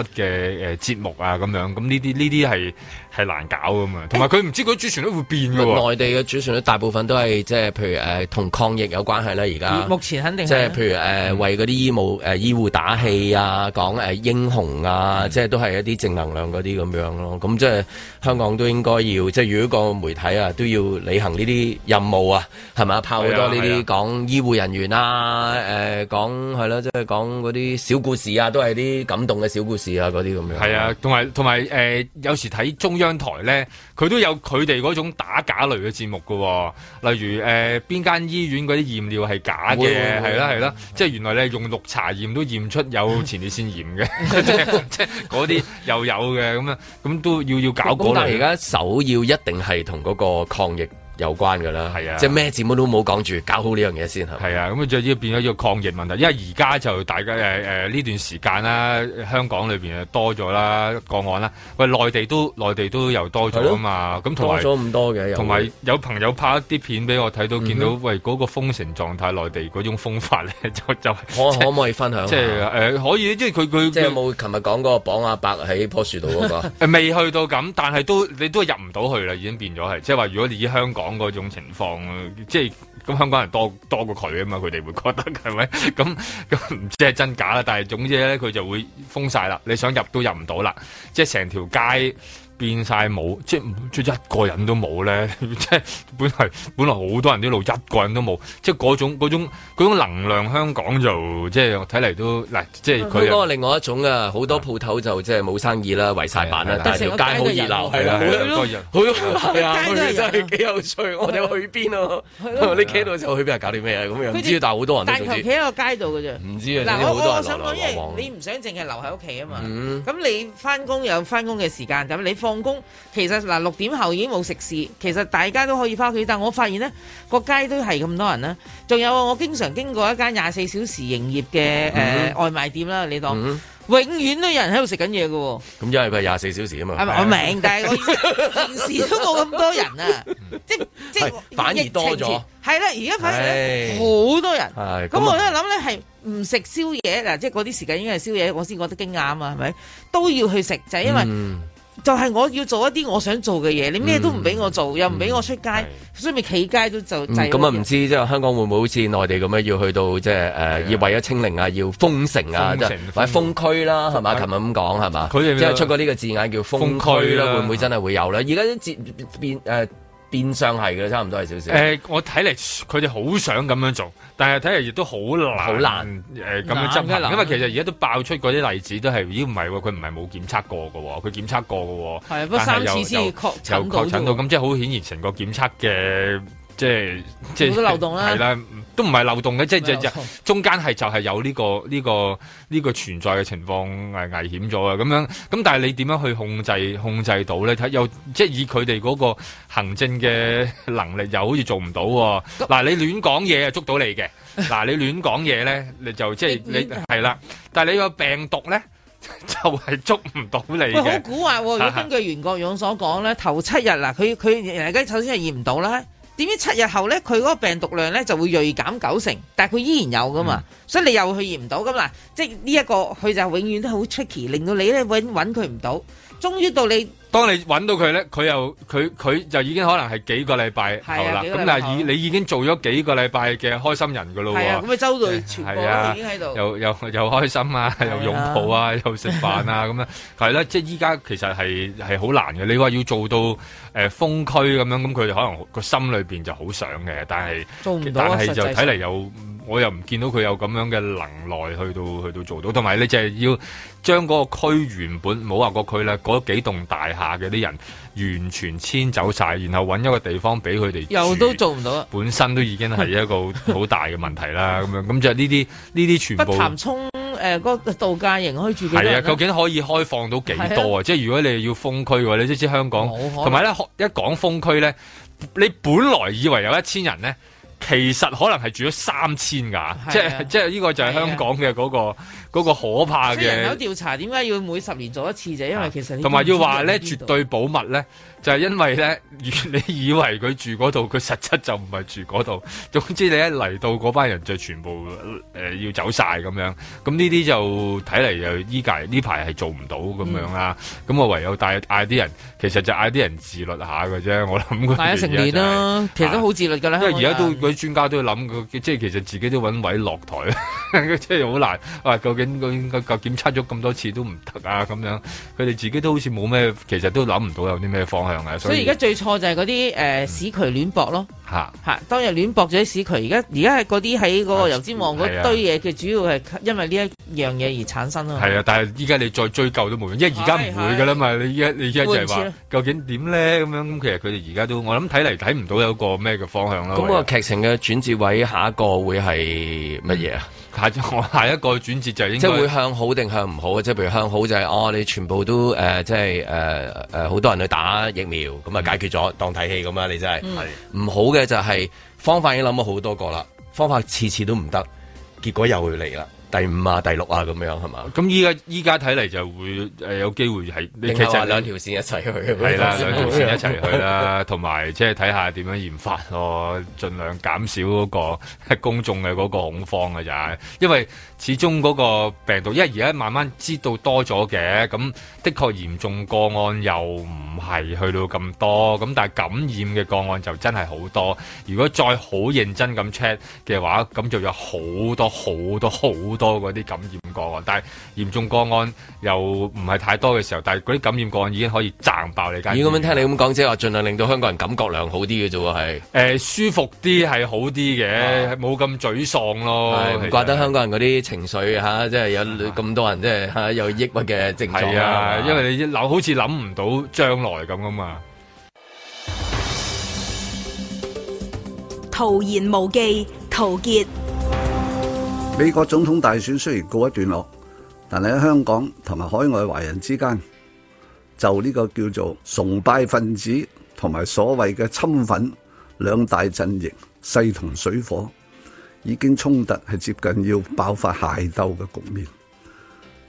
嘅誒節目啊咁樣，咁呢啲呢啲係係難搞噶嘛，同埋佢唔知佢主旋律會變噶喎、啊欸。內地嘅主旋律大部分都係即係譬如誒同、呃、抗疫有關係啦，而家目前肯定係即係譬如誒、呃嗯、為嗰啲醫務誒、呃、醫護打氣啊，講誒、呃、英雄啊，嗯、即係都係一啲正能量嗰啲咁樣咯。咁即係香港都應該要即係如果個媒體啊都要履行呢啲任務啊，係咪，拍好多呢啲講醫護人員啊，誒、啊，講係咯，即係講嗰啲小故事啊，都係啲感動嘅小故事啊，嗰啲咁樣。係啊，同埋同埋誒，有時睇中央台咧，佢都有佢哋嗰種打假類嘅節目噶、哦，例如誒邊間醫院嗰啲驗尿係假嘅，係啦係啦，即係、啊啊啊啊、原來你用綠茶驗都驗出有前列腺炎嘅，即係嗰啲又有嘅咁啊，咁都要要搞。但係而家首要一定係同嗰個抗疫。有關㗎啦、啊，即係咩節目都冇講住，搞好呢樣嘢先嚇。係啊，咁啊，仲要變咗一個抗疫問題，因為而家就大家誒誒呢段時間啦，香港裏邊啊多咗啦個案啦，喂、呃，內地都內地都又多咗啊嘛，咁同埋多咗咁多嘅，同埋有，有，有朋友拍一啲片俾我睇到，見到、嗯、喂嗰、那個封城狀態，內地嗰種風法咧 就就是、可唔可以分享？即係誒、呃、可以，即係佢佢即係有冇琴日講嗰個綁阿伯喺樖樹度嗰個未去到咁，但係都你都入唔到去啦，已經變咗係即係話，如果你以香港。講嗰種情況，即係咁香港人多多過佢啊嘛，佢哋會覺得係咪？咁咁唔知係真假啦，但係總之咧，佢就會封晒啦，你想入都入唔到啦，即係成條街。變晒冇，即係即係一個人都冇咧，即係本嚟本嚟好多人都路，一個人都冇，即係嗰種種種能量，香港就即係睇嚟都嗱，即係佢、嗯。另外一種啊，好多鋪頭就即係冇生意啦，圍晒板啦，但係條街好熱鬧，好多人，好多人，街都真係幾有趣。我哋去邊啊？咯， 你企到就去邊啊？搞啲咩啊？咁又唔知，但係好多人。但求企喺個街度嘅啫，唔知啊。嗱，我我想講，因為你唔想淨係留喺屋企啊嘛。咁你翻工有翻工嘅時間，咁你放工其實嗱六點後已經冇食肆，其實大家都可以返屋企。但我發現咧，個街都係咁多人啦。仲有我經常經過一間廿四小時營業嘅誒、mm -hmm. 呃、外賣店啦，你當、mm -hmm. 永遠都有人喺度食緊嘢嘅。咁因為佢廿四小時啊嘛。我明白，但係平時都冇咁多人啊， 即即反而多咗。係啦，而家反而好多人。咁我喺度諗咧，係唔食宵夜嗱，即係嗰啲時間應該係宵夜，我先覺得驚訝啊嘛，係咪都要去食？就係、因為、嗯。就係、是、我要做一啲我想做嘅嘢，你咩都唔俾我做，又唔俾我出街，所以咪企街都、嗯、就咁啊，唔知即係香港會唔會好似內地咁樣要去到即係誒要為咗清零啊要封城啊，或者、就是、封區啦係嘛？琴日咁講係嘛？即係、就是、出過呢個字眼叫封區啦，封區啊、會唔會真係會有咧？而家啲字變誒。呃變相係嘅，差唔多係少少。誒，我睇嚟佢哋好想咁樣做，但係睇嚟亦都好難，好難誒咁、呃、樣執行難難因為其實而家都爆出嗰啲例子都，都係咦唔係喎，佢唔係冇檢測過㗎喎，佢檢測過㗎喎。係，不過三次先確,確診到。咁即係好顯然成個檢測嘅。即係即係，係啦，都唔係漏洞嘅，即係即係中間係就係有呢個呢個呢個存在嘅情況危危險咗啊！咁樣咁，但係你點樣去控制控制到咧？睇又即係以佢哋嗰個行政嘅能力，又好似做唔到哦。嗱，你亂講嘢啊，捉到你嘅。嗱， 你亂講嘢咧，你就即係 你係啦。但係你個病毒咧， 就係捉唔到你嘅。好古惑！如果根據袁國勇所講咧， 頭七日嗱，佢佢人家首先係驗唔到啦。點知七日後咧，佢嗰個病毒量咧就會銳減九成，但係佢依然有㗎嘛，嗯，所以你又去驗唔到㗎嘛。即係呢、這、一個佢就永遠都好 tricky，令到你咧搵搵佢唔到，終於到你。當你揾到佢咧，佢又佢佢就已經可能係幾個禮、啊、拜係啦，咁嗱，以、啊、你已經做咗幾個禮拜嘅開心人噶咯喎，咁咪周到，係啊，啊又又又開心啊，又擁抱啊，啊又食飯啊，咁樣係啦、 啊，即係依家其實係係好難嘅，你話要做到誒、呃、風區咁樣，咁佢哋可能個心裏邊就好想嘅，但係但唔就睇嚟有。我又唔見到佢有咁樣嘅能耐去到去到做到，同埋你就係要將嗰個區原本冇話個區啦，嗰幾棟大廈嘅啲人完全遷走晒，然後揾一個地方俾佢哋，又都做唔到啦。本身都已經係一個好大嘅問題啦。咁 樣，咁就呢啲呢啲全部北潭涌嗰度假營可以住幾多人？啊，究竟可以開放到幾多啊？即係如果你要封區嘅話，你知唔知香港？同埋咧，一講封區咧，你本來以為有一千人咧。其實可能係住咗三千㗎，即係即係呢個就係香港嘅嗰個嗰個可怕嘅。人口調查點解要每十年做一次啫？因為其實同埋要話咧絕對保密咧。就係、是、因為咧，你以為佢住嗰度，佢實質就唔係住嗰度。總之你一嚟到嗰班人就全部誒、呃、要走晒咁樣，咁呢啲就睇嚟又依家呢排係做唔到咁樣啦。咁、嗯、我唯有帶嗌啲人，其實就嗌啲人自律下嘅啫。我諗、就是。係一成年啦，其實都好自律㗎啦、啊。因為而家都嗰啲專家都諗，佢即係其實自己都揾位落台， 即係好難，話、啊、究竟佢佢檢測咗咁多次都唔得啊？咁樣，佢哋自己都好似冇咩，其實都諗唔到有啲咩方。所以而家最錯就係嗰啲誒屎渠亂駁，駁咯，吓、嗯、吓當日亂駁咗啲屎渠，而家而家係嗰啲喺嗰個油尖旺嗰堆嘢，嘅主要係因為呢一樣嘢而產生咯。係啊，啊，但係依家你再追究都冇用，因為而家唔會噶啦嘛。是是是你依家你依家就係話究竟點咧？咁樣咁其實佢哋而家都我諗睇嚟睇唔到有一個咩嘅方向咯。咁個劇情嘅轉折位下一個會係乜嘢啊？下我下一個轉折就應會即係會向好定向唔好？即係譬如向好就係、是、哦，你全部都誒、呃，即係誒誒，好、呃呃、多人去打疫苗咁啊，就解決咗、嗯、當睇戲咁啊，你真係唔、嗯、好嘅就係方法已經諗咗好多個啦，方法次次都唔得，結果又會嚟啦。第五啊，第六啊，咁樣係嘛？咁依家依家睇嚟就會誒有機會係，其實兩條線一齊去，係 對啦，兩 條線一齊去啦，同埋即係睇下點樣研發咯、啊，盡量減少嗰個公眾嘅嗰個恐慌嘅就係，因為始終嗰個病毒，因為而家慢慢知道多咗嘅，咁的確嚴重個案又唔係去到咁多，咁但係感染嘅個案就真係好多。如果再好認真咁 check 嘅話，咁就有好多好多好。多嗰啲感染個案，但係嚴重個案又唔係太多嘅時候，但係嗰啲感染個案已經可以掙爆你間。如果咁樣聽你咁講，即係話盡量令到香港人感覺良好啲嘅啫喎，係、呃、舒服啲係好啲嘅，冇、啊、咁沮喪咯。唔怪得香港人嗰啲情緒吓，即、啊、係、啊就是、有咁多人即係吓有抑鬱嘅症狀啦、啊啊啊啊，因為你諗好似諗唔到將來咁啊嘛。陶言無忌，陶傑。美國總統大選雖然告一段落，但係喺香港同埋海外華人之間，就呢個叫做崇拜分子同埋所謂嘅侵粉兩大陣營勢同水火，已經衝突係接近要爆發械鬥嘅局面。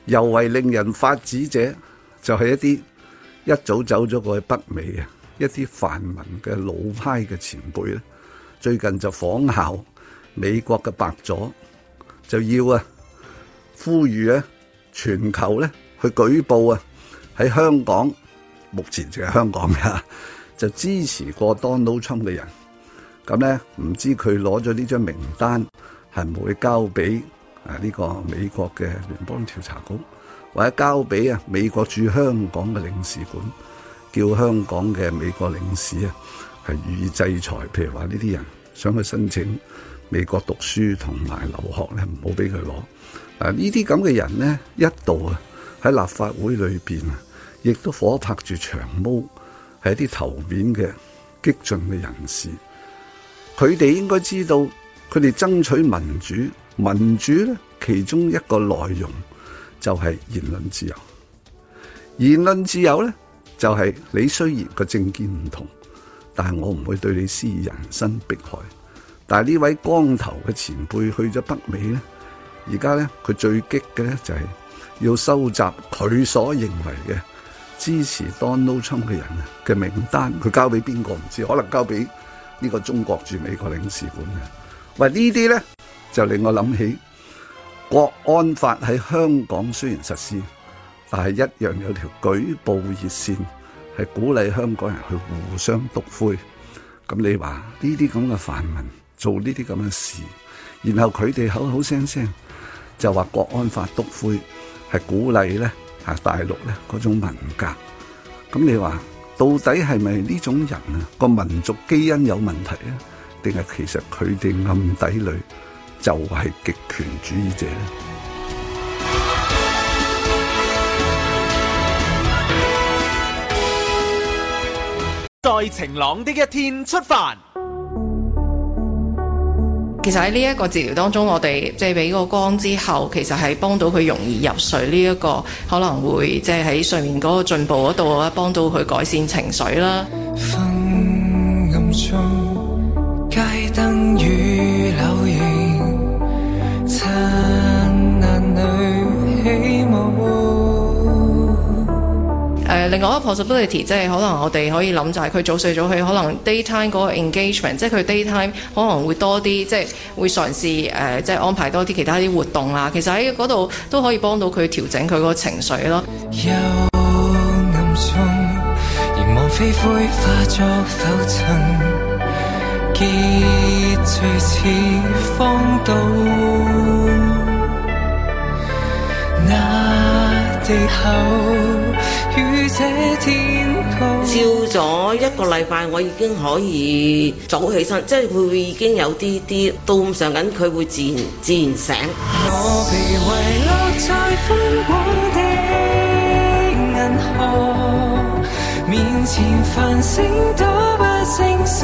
尤為令人髮指者，就係、是、一啲一早走咗過去北美嘅一啲泛民嘅老派嘅前輩咧，最近就仿效美國嘅白左。就要啊，呼籲咧、啊、全球咧去舉報啊，喺香港目前淨係香港嘅，就支持過 Donald Trump 嘅人。咁咧唔知佢攞咗呢張名單係唔會交俾啊呢、呢個美國嘅聯邦調查局，或者交俾啊美國駐香港嘅領事館，叫香港嘅美國領事啊，係予以制裁。譬如話呢啲人想去申請。美國讀書同埋留學咧，唔好俾佢攞。嗱，呢啲咁嘅人呢一度啊喺立法會裏邊啊，亦都火拍住長毛，係一啲頭面嘅激進嘅人士。佢哋應該知道，佢哋爭取民主，民主咧其中一個內容就係言論自由。言論自由咧，就係你雖然個政見唔同，但係我唔會對你施人身迫害。但係呢位光頭嘅前輩去咗北美咧，而家咧佢最激嘅咧就係要收集佢所認為嘅支持 Donald Trump 嘅人嘅嘅名單，佢交俾邊個唔知，可能交俾呢個中國駐美國領事館嘅。喂，呢啲咧就令我諗起國安法喺香港雖然實施，但係一樣有條舉報熱線，係鼓勵香港人去互相篤灰。咁你話呢啲咁嘅泛民，做呢啲咁嘅事，然後佢哋口口聲聲就話國安法督灰係鼓勵咧吓大陸咧嗰種文革，咁你話到底係咪呢種人啊個民族基因有問題啊？定係其實佢哋暗底裏就係極權主義者咧？在晴朗的一天出發。其實喺呢一個治療當中，我哋借畀個光之後，其實係幫到佢容易入睡呢一個，可能會即係喺睡眠嗰個進步嗰度，幫到佢改善情緒啦。另外一個 possibility 即係可能我哋可以諗，就係佢早睡早起，可能 daytime 嗰個 engagement，即係佢 daytime 可能會多啲，即係會嘗試誒，即係安排多啲其他啲活動啦。其實喺嗰度都可以幫到佢調整佢個情緒咯。又天照咗一個禮拜，我已經可以早起身。即係佢會已經有啲啲，都咁上緊。佢會自然自然醒，我被遺落在寬廣的銀河面前，繁星都不勝數。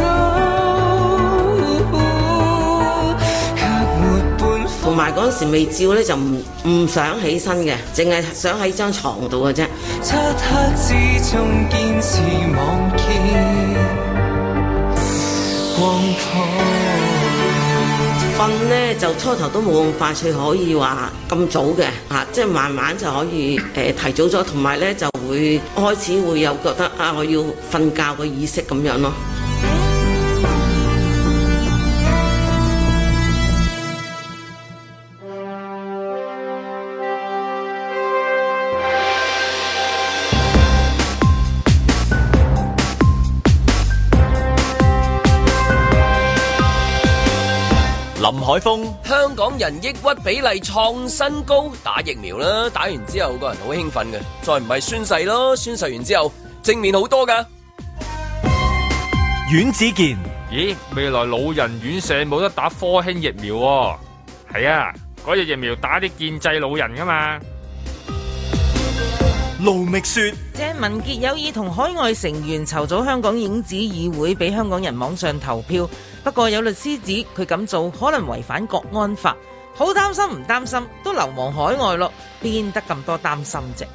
同埋嗰陣時未照咧，就唔唔想起身嘅，淨係想喺張床度嘅啫。漆黑之中堅持，見是望見光通。瞓咧就初頭都冇咁快趣，可以話咁早嘅嚇，即、啊、係、就是、慢慢就可以誒、呃、提早咗，同埋咧就會開始會有覺得啊，我要瞓覺嘅意識咁樣咯。海風，香港人抑鬱比例創新高，打疫苗啦，打完之後，個人好興奮嘅，再唔係宣誓囉，宣誓完之後，正面好多㗎。阮子健，咦，未來老人院舍冇得打科興疫苗喎。係呀，嗰隻疫苗打啲建制老人㗎嘛。盧覓雪，鄭文傑有意同海外成員籌組香港影子議會，俾香港人網上投票。不過有律師指，佢咁做可能違反國安法，好擔心唔擔心都流亡海外咯，邊得咁多擔心啫？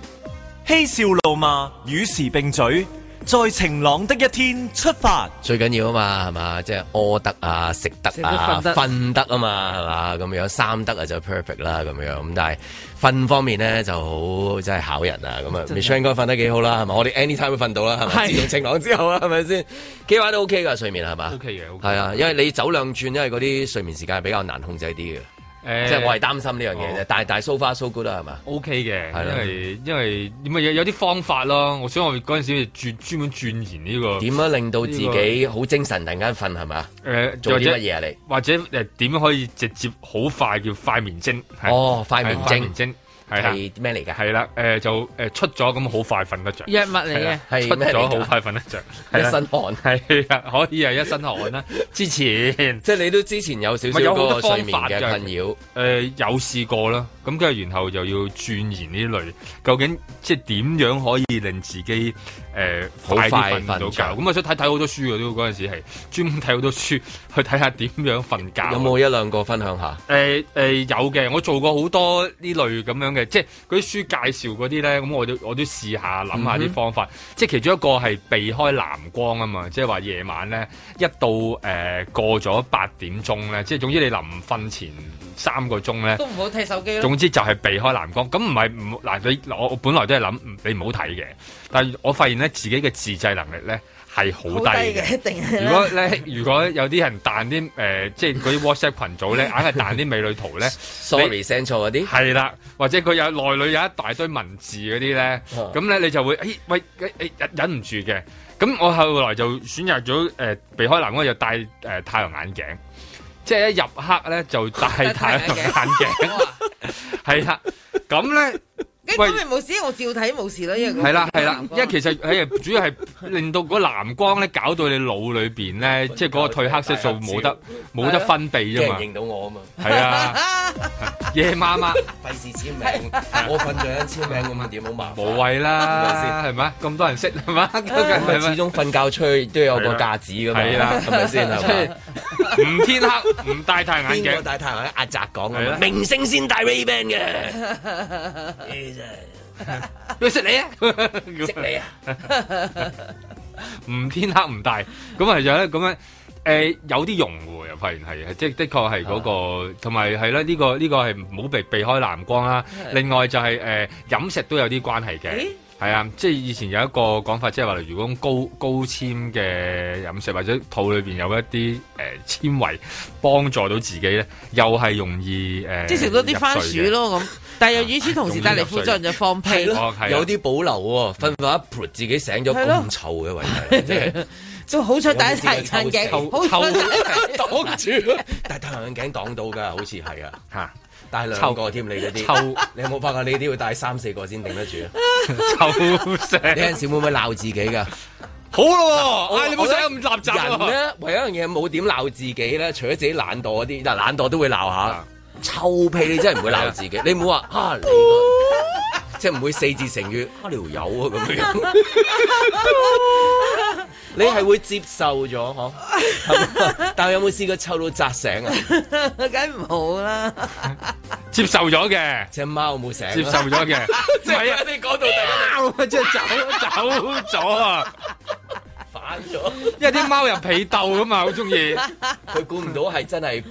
嬉笑怒罵，與時並舉。在晴朗的一天出發，最緊要啊嘛，係嘛，即係屙得啊、食得啊、瞓得啊嘛，係嘛，咁樣三得啊就 perfect 啦，咁樣咁但係瞓方面咧就好真係考人啊，咁啊 Michelle 應該瞓得幾好啦，係嘛，我哋 anytime 都瞓到啦，係咪？自從晴朗之後啦係咪先？幾晚 都 OK 噶，睡眠係嘛？OK 嘅，係啊，因為你走兩轉，因為嗰啲睡眠時間係比較難控制啲嘅。誒， 即係我係擔心呢樣嘢，大、哦、大 so far so good 啦，係嘛？OK 嘅，係因為因為點有有啲方法咯，我想我嗰陣時專專門鑽研呢、這個點樣令到自己好、這個、精神，突然間瞓，係嘛？誒、呃，做啲乜嘢嚟你？或者誒點樣可以直接好快叫快面精？哦，快面精。係咩嚟嘅？係啦，誒、啊呃、就誒、呃、出咗咁好快瞓得着。藥物嚟嘅，係、啊、出咗好快瞓得着、啊，一身汗係啊，可以係一身汗啦、啊。 之前即係你都之前有少少個睡眠嘅困擾，誒有試、就是呃、過啦。咁跟住然後就要鑽研呢類，究竟即係點樣可以令自己？誒、呃、好快瞓到覺，咁我想睇睇好多書嘅都嗰陣時係專門睇好多書去睇下點樣瞓覺。有冇一兩個分享下？誒、呃呃、有嘅，我做過好多呢類咁樣嘅，即係嗰啲書介紹嗰啲咧，咁我都我都試下諗下啲方法。嗯、即係其中一個係避開藍光啊嘛，即係話夜晚咧一到誒、呃、過咗八點鐘咧，即係總之你臨瞓前。三個鐘咧，都唔好睇手機。總之就係避開藍光。咁唔係唔嗱，你我我本來都係諗你唔好睇嘅。但係我發現咧，自己嘅自制能力咧係好低嘅。一定呢。如果咧，如果有啲人彈啲、呃、即係嗰啲 WhatsApp 群組咧，硬 係彈啲美女圖咧，Sorry，send 錯嗰啲。係 啦，或者佢有內裏有一大堆文字嗰啲咧，咁 咧你就會、哎、喂、哎、忍唔住嘅。咁我後來就選擇咗、呃、避開藍光，又戴、呃、太陽眼鏡。即係一入黑咧就戴太陽眼鏡，係啦，咁咧，你咁咪冇事，我照睇冇事咯，因為係啦係啦，因為其實喺主要係令到個藍光咧，搞到你腦裏邊咧，即係嗰個褪黑色素冇得冇得分泌啫嘛，認到我啊嘛，係啊。夜媽媽，費事簽名， 我瞓著簽名咁啊，點 好麻煩？無謂啦，係 咪？咁多人識，係咪？始終瞓覺出去都有個架子咁樣吧，係啦，係咪先？ 是的 唔天黑唔戴太眼鏡，戴太眼鏡阿澤講明星先戴 Ray Ban 嘅，你 真 識你啊，識你啊，唔天黑唔戴，咁咪就係咁樣。誒、呃，有啲融嘅喎，發現係，即係的確係嗰、那個，同埋係啦，呢、這個呢係係唔好避避開藍光啦、啊。另外就係、是、誒、呃、飲食都有啲關係嘅，係、欸、啊，即係以前有一個講法，即係話，如果高高纖嘅飲食或者肚裏面有一啲誒、呃、纖維幫助到自己咧，又係容易誒、呃，即係食多啲番薯咯咁、嗯。但係又與此同時、嗯、帶嚟副作用就放屁咯、哦，有啲保留喎、哦，瞓到一半自己醒咗咁臭嘅位置。 都好彩第一層鏡，好，擋住， 但係太陽眼鏡擋到㗎，好似係啊嚇，戴 兩個添你嗰啲，臭你， 你有冇發覺你啲會戴三四個先頂得住啊？ 臭，臭 你有陣時會唔會鬧自己㗎？好咯，但、哎、你冇使咁立雜人咧，唯一一樣嘢冇點鬧自己咧，除咗自己懶惰嗰啲，但係懶惰都會鬧下。臭屁，你真係唔會鬧自己， 你唔好話啊，這個、 即係唔會四字成語 啊，條友啊咁樣。 你係會接受咗嗬？但係有冇試過臭到扎醒啊？梗唔好啦！接受咗嘅，隻貓冇醒。接受咗嘅，係啊！你講到大隻貓，即 係走走咗啊！反咗，因為啲貓入被竇㗎嘛，好中意，佢估唔到係真係。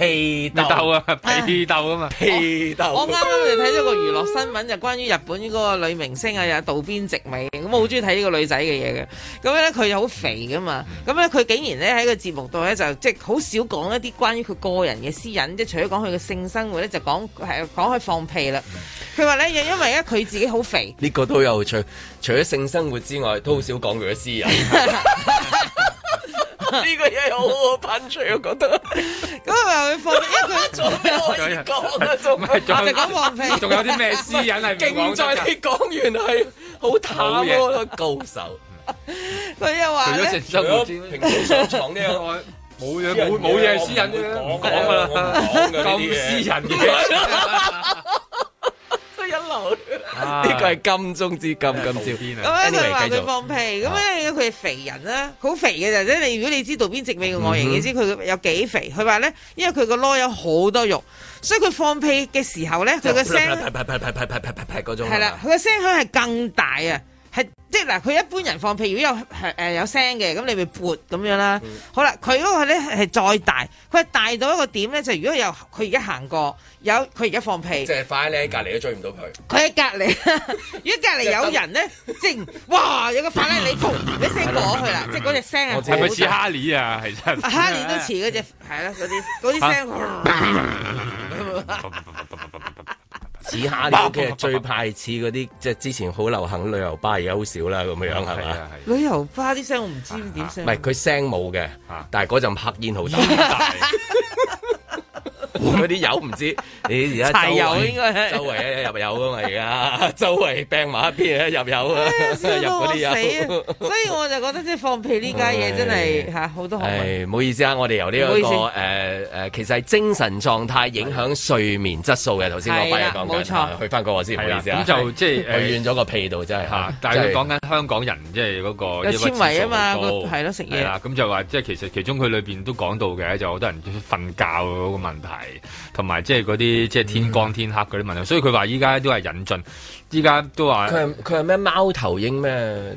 屁斗啊，屁斗啊嘛，屁斗！我啱啱就睇咗個娛樂新聞，就關於日本嗰個女明星啊，渡邊直美，咁我好中意睇呢個女仔嘅嘢嘅。咁咧佢又好肥噶嘛，咁咧佢竟然咧喺個節目度咧就即係好少講一啲關於佢個人嘅私隱，即係除咗講佢嘅性生活咧，就講係講佢放屁啦。佢話咧，因為咧佢自己好肥，呢 個都有趣。除咗性生活之外，都好少講佢嘅私隱。 呢個嘢好啊，噴水我覺得。咁又話佢放，依家仲有咩可以講啊？仲唔係仲講黃皮？仲有啲咩私隱啊？勁在你講完係好淡啊，高手。佢又話咧，平時想講啲嘢，冇嘢冇冇嘢係私隱嘅啦，講噶啦，咁私隱嘅。 一路呢個係金中之金，金照片啊？咁佢話佢放屁，咁咧佢係肥人啦，好、啊、肥嘅啫。你如果你知道，道邊直美嘅外形，嗯、你知佢有幾肥。佢話咧，因為佢個籮有好多肉，所以佢放屁嘅時候咧，佢嘅聲劈劈劈劈劈劈劈嗰種。係啦，佢嘅聲響係更大啊！係即係嗱，佢一般人放屁，如果有誒、呃、有聲嘅，咁你咪撥咁樣啦。嗯、好啦，佢嗰個咧係再大，佢大到一個點咧，就是、如果有，佢而家行過，有佢而家放屁，即係法拉利喺隔籬都追唔到佢。佢喺隔籬，如果隔籬有人咧，即係哇，有個法拉利 你一嗰聲過去啦，即係嗰隻聲啊。我似哈利啊，係真。 哈利都似嗰隻，係啦，嗰啲嗰啲聲。 似下啲屋企最派似嗰啲，即係之前好流行旅遊巴，而家好少啦咁樣樣，係嘛？旅遊巴啲聲我唔知佢點聲、啊，唔、啊、係，佢聲冇嘅，但係嗰陣黑煙好大。 但是 嗰 啲油唔知，你而家應該周圍一入油啊嘛？而家周圍掟埋一邊入油啊！ 入啲油、啊，哎、 所以我就覺得即係放屁呢家嘢真係好、哎啊、多。好唔好意思啊！我哋由呢、這個個誒、呃、其實精神狀態影響睡眠質素嘅。頭先嗰位講緊，去翻過我先唔好意思咁、啊嗯、就即係亂咗個屁度真係嚇。但係佢講緊香港人即係嗰個有煙味啊嘛，係咯食嘢咁就話即係其實其中佢裏邊都講到嘅，就好多人瞓覺嗰個問題。同埋即係嗰啲即係天光天黑嗰啲問題，嗯、所以佢話依家都係引進，依家都話佢係佢係咩貓頭鷹咩？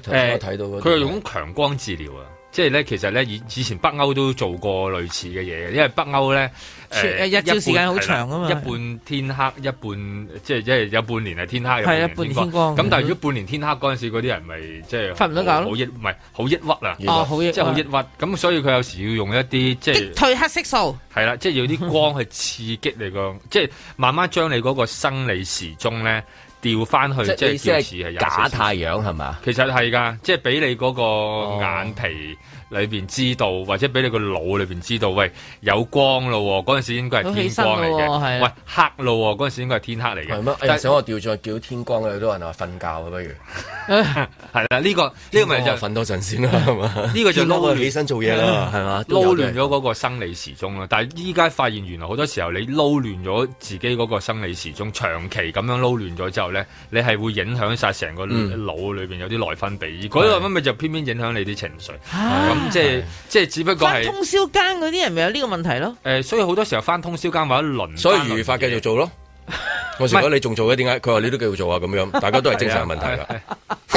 影我睇到佢係、欸、用強光治療啊。即係咧，其實咧以以前北歐都做過類似嘅嘢，因為北歐咧誒日照時間好長啊嘛，一半天黑一半即係即係有半年係天黑，係啊，半年天光。咁但係如果半年天黑嗰陣時，嗰啲人咪即係瞓唔到覺咯，好抑唔係好抑鬱啊，哦，好即係好抑鬱。咁、就是、所以佢有時要用一啲即係褪黑,黑色素，係啦，即係要啲光去刺激你個， 即係慢慢將你嗰個生理時鐘咧。調翻去即係有假太陽係嘛？其實係㗎，即係俾你嗰個眼皮哦。裏邊知道或者俾你個腦裏邊知道，喂，有光咯，嗰陣時應該係天光嚟嘅。喂，黑咯，嗰陣時應該係天黑嚟嘅，欸。係咩？想我吊住叫天光嘅，都有人話瞓覺啊，不如係啦。呢， 這個呢個咪就瞓多陣先啦，係嘛？呢，這個就撈，是 就是，起身做嘢啦，係 嘛？撈亂咗嗰個生理時鐘啦。 但係依家發現原來好多時候你撈亂咗自己嗰個生理時鐘，長期咁樣撈亂咗之後咧，你係會影響晒成個腦裏邊有啲內分泌。嗰個咪就偏偏影響你啲情緒啊、即係即係，只不過係翻通宵更嗰啲人，咪有呢個問題咯。誒、呃，所以好多時候翻通宵更咪一輪。所以如法繼續做咯。唔 係，你仲做嘅點解？佢話你都繼續做啊，咁樣大家都係精神的問題啦。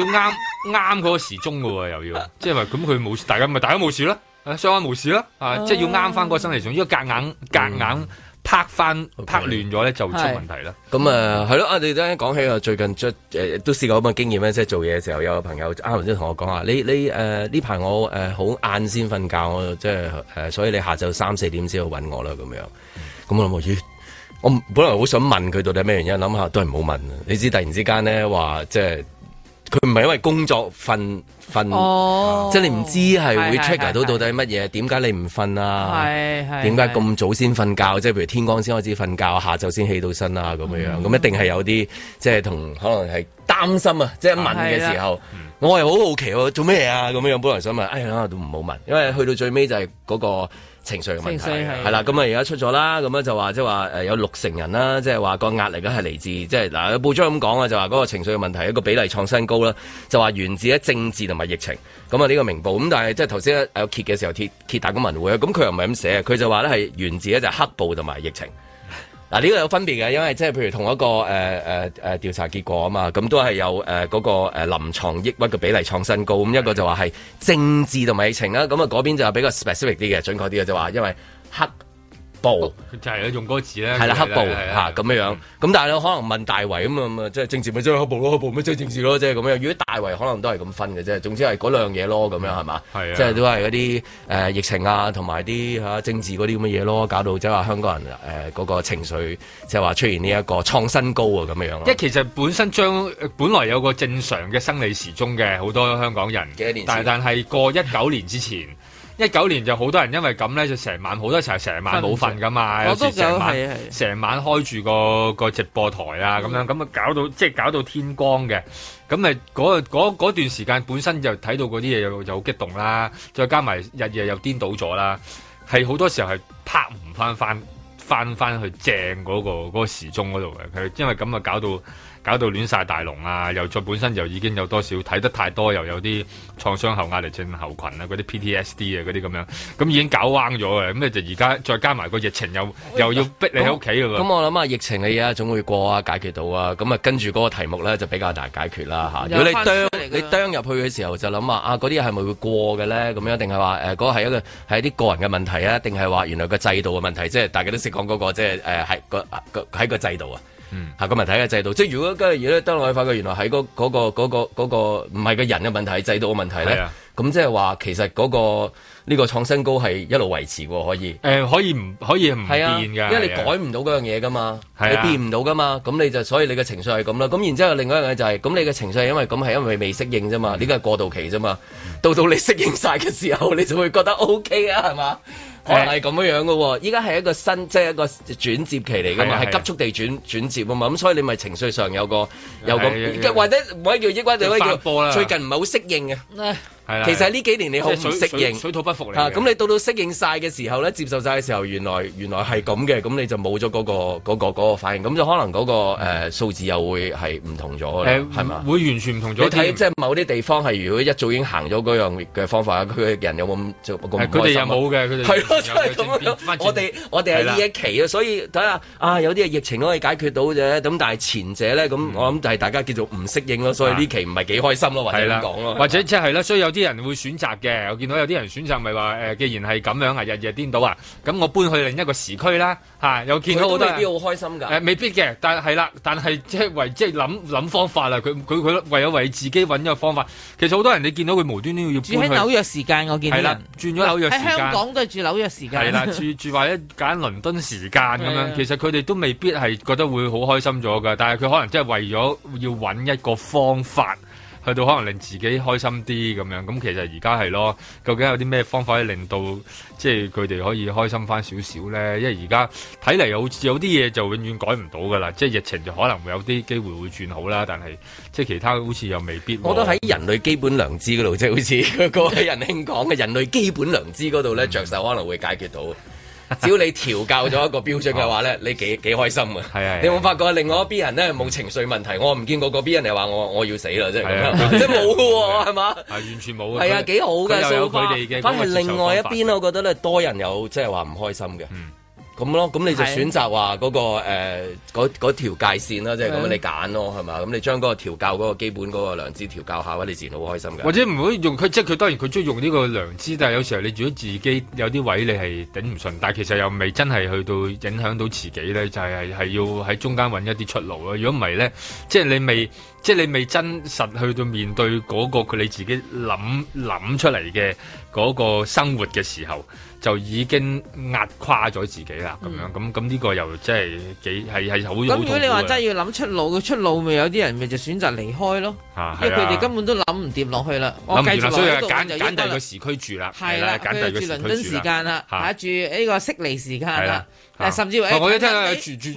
要啱啱嗰個時鐘嘅喎，又要。 即係話咁佢冇，大家咪大家冇事咯，相安冇事咯。啊， 即係要啱翻嗰個生理鐘，要夾硬，硬硬、嗯。硬拍翻拍亂咗咧，就出問題啦、okay。咁啊，係咯，我哋等講起啊，最近誒都試過咁嘅經驗咧，即係做嘢嘅時候，有個朋友啱頭先同我講話，你你誒呢排我誒好晏先瞓覺，我即係誒，所以你下晝三四點先去搵我啦，咁樣。咁、嗯嗯嗯、我諗咦，我本來好想問佢到底係咩原因，諗下都係唔好問。你知突然之間咧話即係。佢唔係因為工作瞓瞓、哦，即係你唔知係會 check 到到底乜嘢，點解你唔瞓啊？係點解咁早先瞓覺？即係譬如天光先開始瞓覺，下晝先起到身啊咁樣。咁、嗯、一定係有啲即係同可能係擔心啊，即係問嘅時候，是是我係好好奇喎，做咩啊？咁樣本來想問，哎呀都唔好問，因為去到最尾就係嗰、嗰個。情緒嘅問題係啦，咁啊而家出咗啦，咁咧就話即係話誒有六成人啦，即係話個壓力咧係嚟自即係嗱報章咁講啊，就話嗰個情緒嘅問題一個比例創新高啦，就話源自咧政治同埋疫情。咁啊呢個明報咁，但係即係頭先有揭嘅時候揭揭大公文匯啊，咁佢又唔係咁寫，佢就話咧係源自咧就黑暴同埋疫情。嗱、這、呢個有分別嘅，因為即係譬如同一個誒誒誒調查結果啊嘛，咁都係有誒嗰、呃嗰個誒、呃、臨牀抑鬱嘅比例創新高，咁一個就話係政治同埋疫情啦，咁啊嗰邊就比較 specific 啲嘅準確啲嘅就話，因為黑。暴就係用嗰個字咧，係啦黑暴嚇咁樣樣。咁但係可能問大維咁啊，即係政治咪即係黑暴咯，黑暴咪即係政治咯，即係咁樣。如果大維可能都係咁分嘅啫。總之係嗰兩樣嘢咯，咁樣係嘛？即係都係嗰啲誒疫情啊，同埋啲嚇政治嗰啲咁嘅嘢咯，搞到即係話香港人誒嗰個情緒即係話出現呢一個創新高啊咁樣樣咯。其實本身將本來有個正常嘅生理時鐘嘅好多香港人，嘅一年但。但係過一九年之前。 一九年就好多人因為咁咧，就成晚好多時候成晚冇瞓㗎嘛，有時成晚成晚開住個，個直播台啊，咁樣咁啊搞到即係搞到天光嘅，咁咪嗰嗰嗰段時間本身就睇到嗰啲嘢又又好激動啦，再加埋日夜又顛倒咗啦，係好多時候係拍唔翻翻。翻翻去正嗰個嗰個時鐘嗰度嘅，佢因為咁啊搞到搞到亂晒大龍啊，又再本身又已經有多少睇得太多，又有啲創傷後壓力症候群啊，嗰啲 PTSD 啊嗰啲咁樣，咁已經搞彎咗嘅，咁就而家再加埋個疫情又、哎、又要逼你喺屋企，咁我諗啊，疫情嘅嘢啊總會過啊解決到啊，咁啊跟住嗰個題目咧就比較大解決啦嚇。如果你釘你入去嘅時候就諗啊啊嗰啲係咪會過嘅咧？咁樣定係話誒嗰個係一個係一啲個,個人嘅問題啊？定係話原來個制度嘅問題，即係大家都識。嗯講、那、嗰個即係誒，喺、呃那個喺、那個制度啊，那個問題嘅制度。即係如果今日而家當我哋發覺，原來喺嗰、那個、那個、那個唔係、那個那個、個人嘅問題，制度嘅問題咧。咁即係話，其實嗰、那個呢、這個創新高係一路維持喎，可以誒、呃，可以唔可以唔變噶？因為你改唔到嗰樣嘢噶嘛，你變唔到噶嘛。咁你就所以你嘅情緒係咁啦。咁然之後另外一樣嘢就係、是，咁你嘅情緒係因為咁，係因為未適應啫嘛。呢個係過渡期啫嘛。到到你適應晒嘅時候，你就會覺得 O、OK、K 啊，係嘛？係咁樣樣嘅喎。依家係一個新，即係一個轉接期嚟嘅嘛。係、啊、急速地轉，轉接啊嘛，咁所以你咪情緒上有個有個、啊啊啊啊、或者唔可以叫抑鬱，就可以叫最近唔係好適應嘅。其實喺呢幾年你好唔適應，水土不服嚟嘅。咁你到到適應晒嘅時候咧，接受晒嘅時候，原來原來係咁嘅，咁你就冇咗嗰個嗰個嗰個反應，咁就可能嗰個誒數字又會係唔同咗嘅，係嘛？會完全唔同咗。你睇即係某啲地方係如果一早已經行咗嗰樣嘅方法，佢嘅人有冇咁就咁開心？佢哋又冇嘅，佢哋係咯，真係咁樣。我哋我哋係呢一期啊，所以睇下啊，有啲嘅疫情都可以解決到嘅，咁但係前者咧，咁我諗就係大家叫做唔適應咯，所以呢期唔係幾開心咯，或者點講咯？或者即係咧，所以有啲。啲人會選擇嘅，我見到有啲人選擇咪話誒，既然係咁樣啊，日日顛倒啊，咁我搬去另一個時區啦，嚇、啊！又見到好多啲好開心噶誒、呃，未必嘅，但係啦，但係即係為即係諗諗方法啦，佢佢佢為咗為自己揾一個方法。其實好多人你見到佢無端端要住喺紐約時間，我見到，住轉咗紐約時間香港都係住紐約時間，係啦，住住或者揀倫敦時間咁樣， 其實佢哋都未必係覺得會好開心咗嘅，但係佢可能真係為咗要揾一個方法。去到可能令自己開心啲咁樣，咁其實而家係咯，究竟有啲咩方法可以令到即係佢哋可以開心翻少少咧？因為而家睇嚟好似有啲嘢就永遠改唔到噶啦，即係疫情就可能會有啲機會會轉好啦，但係即係其他好似又未必咯。我覺得喺人類基本良知嗰度，即係好似嗰位仁兄講嘅人類基本良知嗰度咧，着、嗯、手可能會解決到。 只要你調教咗一個標準嘅話咧， 你幾 幾，幾開心啊！係係係係你有冇發覺另外一邊人咧冇 情緒問題？我唔見過嗰邊人又話我我要死啦， 這樣 即係咁樣即係冇嘅喎，係 嘛是吧？ 完全冇、啊。係 啊，幾好嘅反而，另外一邊我覺得咧 多人有即係話唔開心嘅。 嗯咁咯，咁你就選擇話嗰、嗰個誒嗰、呃、條界線啦，即係咁樣你揀咯，係嘛？咁你將嗰個調教嗰、嗰個基本嗰個良知調教下，你自然好開心嘅。或者唔會用佢，即係佢當然佢中意用呢個良知，但係有時候你如果自己有啲位你係頂唔順，但係其實又未真係去到影響到自己咧，就係、係、要喺中間搵一啲出路咯。如果唔係咧，即係你未即係你未真實去到面對嗰個佢你自己諗諗出嚟嘅嗰個生活嘅時候。就已經壓垮咗自己啦，咁、嗯、樣咁咁呢個又真係幾係係好痛苦嘅。咁如果你話真係要諗出路嘅出路，咪有啲人咪就選擇離開咯，啊啊、因為佢哋根本都諗唔掂落去啦。諗唔掂所以揀揀第二個時區住啦，係啦，揀倫敦時間啦，嚇、啊啊、住呢、啊啊、個悉尼時間啦、啊。誒、啊、甚至、啊、我一聽到有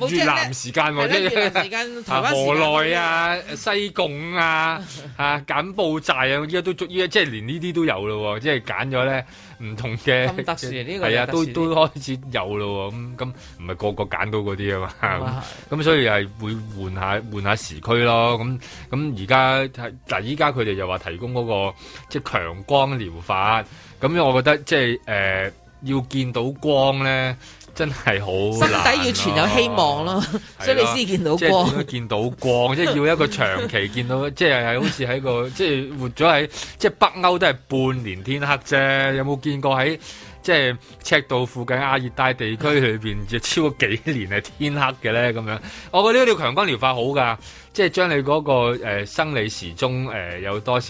越越越南時間喎，越南時間，河內啊，啊？西貢啊？嚇，柬埔寨啊！依家、啊、都逐依即係連呢啲都有咯，即係揀咗咧唔同嘅。新特事呢、就是這個係啊，都都開始有咯咁咁，唔係個個揀到嗰啲啊嘛。咁所以係會換下換下時區咯。咁咁而家但係依家佢哋又話提供嗰、那個即係、就是、強光療法。咁樣我覺得即係誒要見到光咧。真係好、啊，心底要存有希望咯，啊、所以你先見，見到光。即見到光，即係要一個長期見到，即係係好似喺個，即、就、係、是、活咗喺，即、就、係、是、北歐都係半年天黑啫。有冇見過喺？即係赤道附近亞熱帶地區裏面，就超過幾年係天黑嘅咧，咁樣。我覺得呢條強光療法好噶，即係將你嗰個生理時鐘有多少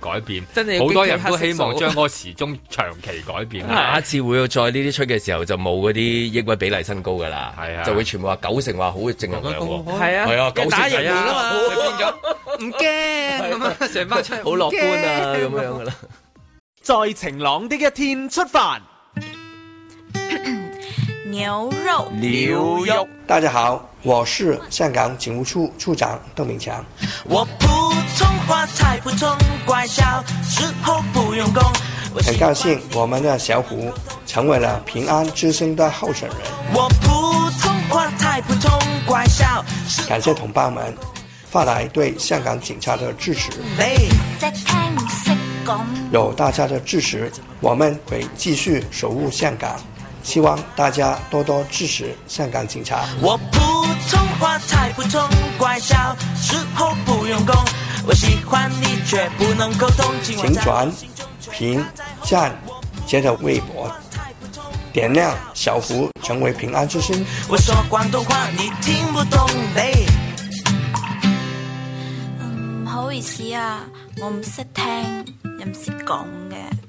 改變。真係好多人都希望將個時鐘長期改變。下次會要再呢啲出嘅時候就冇嗰啲抑鬱比例新高噶啦，啊，就會全部話九成話好正能量喎。係啊，係啊，九成係啊，唔驚咁樣成、啊、班出好樂觀啊，咁、啊、樣噶啦、啊。再晴朗啲嘅天出發。牛肉，牛肉。大家好，我是香港警務處處長鄧炳強。我普通話太普通，怪笑，時候不用功。很高興我們的小虎成為了平安之星的候選人。我普通話太普通，怪笑。感謝同胞們發來對香港警察的支持。有大家的支持，我們會繼續守護香港。希望大家多多支持香港警察。請轉、評、讚，接着微博點亮小福，成為平安之星。我說廣東話，你聽不懂，哎。嗯，唔好意思啊，我唔識聽，又唔識講嘅。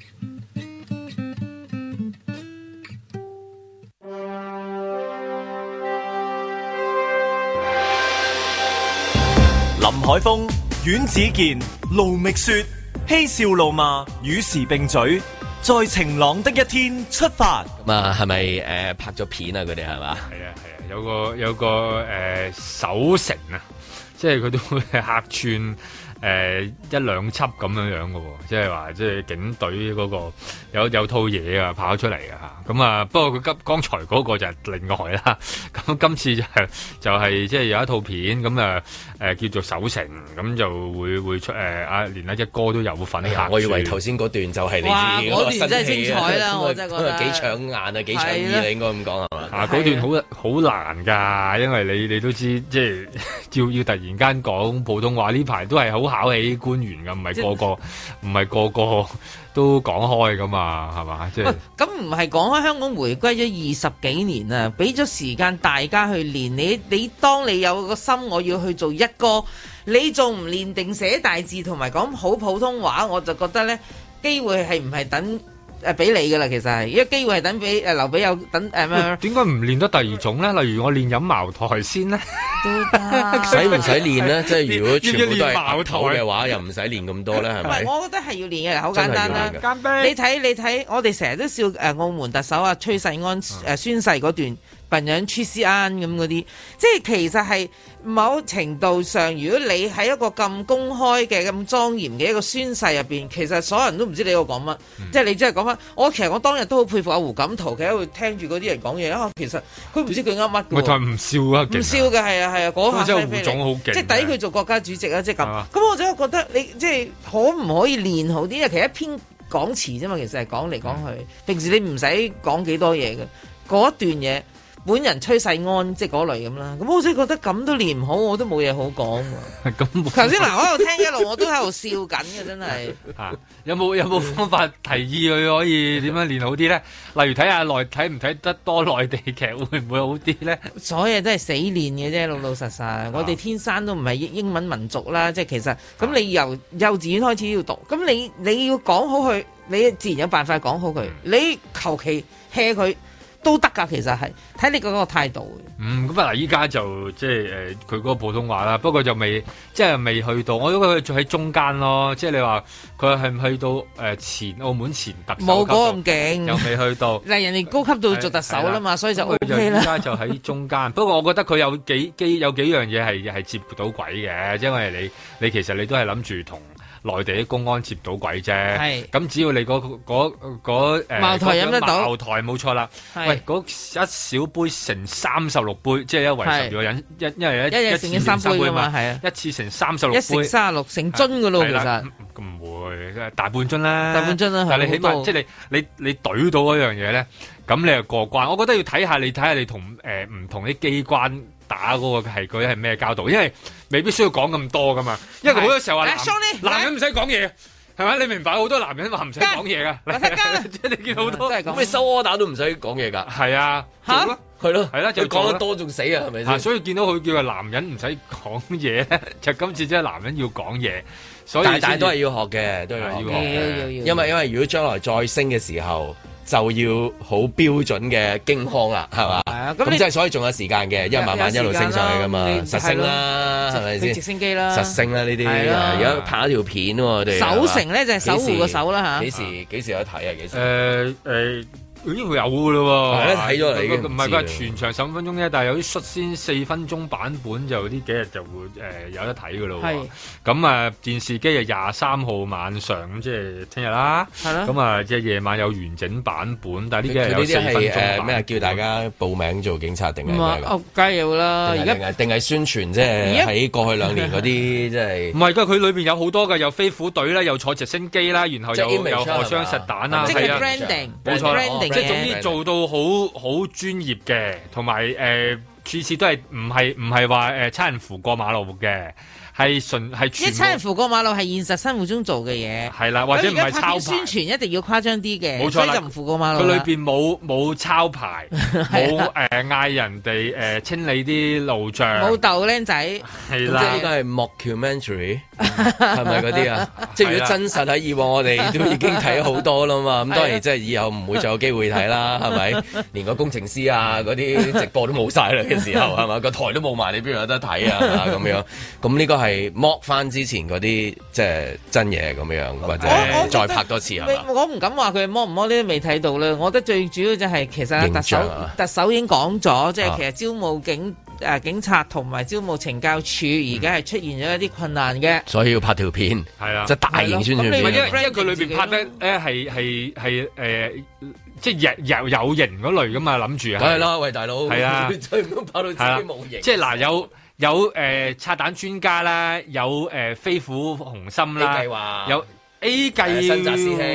林海峰、阮子健、盧覓雪、嬉笑怒罵、與時並嘴，在晴朗的一天出發。咁、嗯、啊，係咪誒拍咗片啊？佢哋係嘛？係啊係啊，有個有個誒守城啊，即係佢都會客串。誒、嗯、一兩輯咁樣樣嘅喎，即係話即係警隊嗰、嗰個有有套嘢啊跑出嚟啊嚇，咁、嗯、啊不過佢急剛才嗰個就係另外啦，咁、嗯、今次就係、就係即係有一套片咁啊、嗯嗯，叫做守城，咁、嗯、就會會出誒阿連、嗯、一哥都有份、嗯、我以為頭先嗰段就係你知哇，嗰段真係精彩啦，幾搶眼啊，幾搶耳！你應該咁講係嘛？啊嗰段好好難㗎，因為你你都知即係、就係、要要突然間講普通話呢排都係好。考起官員噶，唔係個個，唔 係個個都講開噶嘛，係嘛？即係咁唔係講開。香港回歸咗二十幾年啦，俾咗時間大家去練你。你當你有個心，我要去做一哥，你仲唔練定寫大字同埋講好普通話，我就覺得呢機會係唔係等？誒、啊、俾你嘅啦，其實係，因為機會係等俾誒劉備有等誒咩？點解唔練得第二種咧？例如我練飲茅台先咧，使唔使練咧？ 即係如果全部都係爆頭嘅話，又唔使練咁多咧，係咪？我覺得係要練嘅，好簡單啦。你睇你睇，我哋成日都笑誒、呃，澳門特首啊，崔世安誒、嗯嗯啊、宣誓嗰段。笨樣出師啱咁嗰啲，即係其實係某程度上，如果你喺一個咁公開嘅、咁莊嚴嘅一個宣誓入邊，其實所有人都唔知你喺度講乜，即係你真係講翻。我其實我當日都好佩服阿胡錦濤，企喺度聽住嗰啲人講嘢啊。其實佢唔知佢噏乜嘅，佢唔笑，笑啊，唔笑嘅係啊係啊，嗰下胡總好勁，即係抵佢做國家主席啊！即係咁。咁我真係覺得你即係可唔可以練好啲？其實一篇講詞啫嘛，其實係講嚟講去、嗯，平時你唔使講幾多嘢嘅嗰段嘢。本人崔世安即係嗰類咁啦，咁我先覺得咁都練唔好，我都冇嘢好講。咁頭先嗱，我喺度聽一路，我都喺度笑緊嘅，真係。嚇，有冇有冇方法提議佢可以點樣練好啲咧？例如睇下內睇唔睇得多內地劇會唔會好啲咧？所有都係死練嘅啫，老老實實。我哋天生都唔係英文民族啦，即係其實咁你由幼稚園開始要讀，咁你你要講好佢，你自然有辦法講好佢。你求其 hea 佢，都得噶，其實係睇你嗰個態度。嗯，咁啊，依家就即係佢嗰個普通話啦，不過就未，即係未去到。我覺得佢仲喺中間咯，即係你話佢係咪去到前澳門前特首級，冇嗰咁勁又未去到。嗱，人哋高級到做特首啦嘛，所以就 OK，依家就喺中間。 不過我覺得佢有幾，幾有幾樣嘢係係接唔到鬼嘅，因為你你其實你都係諗住同。內地啲公安接唔到鬼啫，咁只要你嗰嗰嗰誒，茅台飲得到，茅台冇錯啦。喂，嗰一小杯成三十六杯，即係一圍十二個人，一因為一一次三杯嘛，係啊，一次成三十六，一成三十六成樽噶咯，其實咁唔會，大半樽啦，大半樽啦。但係你起碼即係你你你隊到嗰樣嘢咧，咁你就過關。我覺得要睇下你睇下你同誒唔同啲機關。打嗰個係佢係咩教導？因為未必需要講咁多噶嘛。因為好多時候話男，男人唔使講嘢，係咪？你明白好多男人話唔使講嘢噶。啊、 你睇下，真係見到好多，會會收柯打都唔使講嘢噶。係啊，嚇，係、啊、咯，係啦、啊，就講得多仲死啊，係咪？所以見到佢叫做男人唔使講嘢，就今次真係男人要講嘢。大大都係要學嘅，都要學嘅。因為因為如果將來再升嘅時候。就要好標準嘅驚慌啦，係嘛？係啊，咁即係所以仲有時間嘅，因為慢慢一路升上去噶嘛，實升啦，係咪先？直升機啦，實升啦呢啲，而家、啊啊、拍一條片喎、啊，我哋守城咧就係、是、守護個手啦、啊、嚇。幾、啊、時幾時,時,時有得睇啊？幾時誒誒。呃呃咦，佢有噶咯喎！睇咗嚟唔係佢全場十五分鐘啫，但係有啲率先四分鐘版本就呢幾日就會誒、呃、有得睇噶咯喎。咁啊、嗯，電視機就廿三號晚上，咁即係聽日啦。係咯。咁啊，即係、嗯、夜晚有完整版本，但係呢幾日有四分鐘咩、呃？叫大家報名做警察定咩嘅？梗係有啦。而家定係宣傳即係喺過去兩年嗰啲即係。唔係㗎，佢裏邊有好多嘅，有飛虎隊啦，有坐直升機啦，然後有又荷槍實彈啦。即係即係總之做到好好專業嘅，同埋誒，次次都係唔係唔係話誒，差人扶過馬路嘅。係純係一車人扶過馬路係現實生活中做嘅嘢，係啦，或者唔係抄宣傳一定要誇張啲嘅，冇錯，所以就唔扶過馬路啦。佢裏邊冇冇抄牌，冇誒嗌人哋誒、呃、清理啲路障，冇豆僆仔，係啦，呢個係 mocumentary 係 咪嗰啲啊？ 即係如果真實喺以往，我哋都已經睇好多啦嘛。咁 當然即係以後唔會再有機會睇啦，係 咪？連個工程師啊嗰啲直播都冇晒啦嘅時候係咪？ 個台都冇埋，你邊度有得睇啊咁 樣？咁呢個係。係摸翻之前嗰啲即係真嘢咁樣，或者、哦、再拍多次我唔敢話佢摸唔摸，呢都未睇到啦。我覺得最主要就係、是、其實、啊、特首特首已經講咗，即係、啊、其實招募警誒、呃、警察同埋招募懲教署，而家係出現咗一啲困難嘅。所以要拍條片係啊，即係大型宣傳片。啊、你咪因因佢裏邊拍得咧係係係誒，即係有有有型嗰類噶嘛？諗住梗係啦，喂大佬係啊， 拍到自己冇型、啊。即係嗱、呃、有。 有誒拆彈專家啦，有誒、呃、飛虎雄心啦，有。A 計、啊、新澤、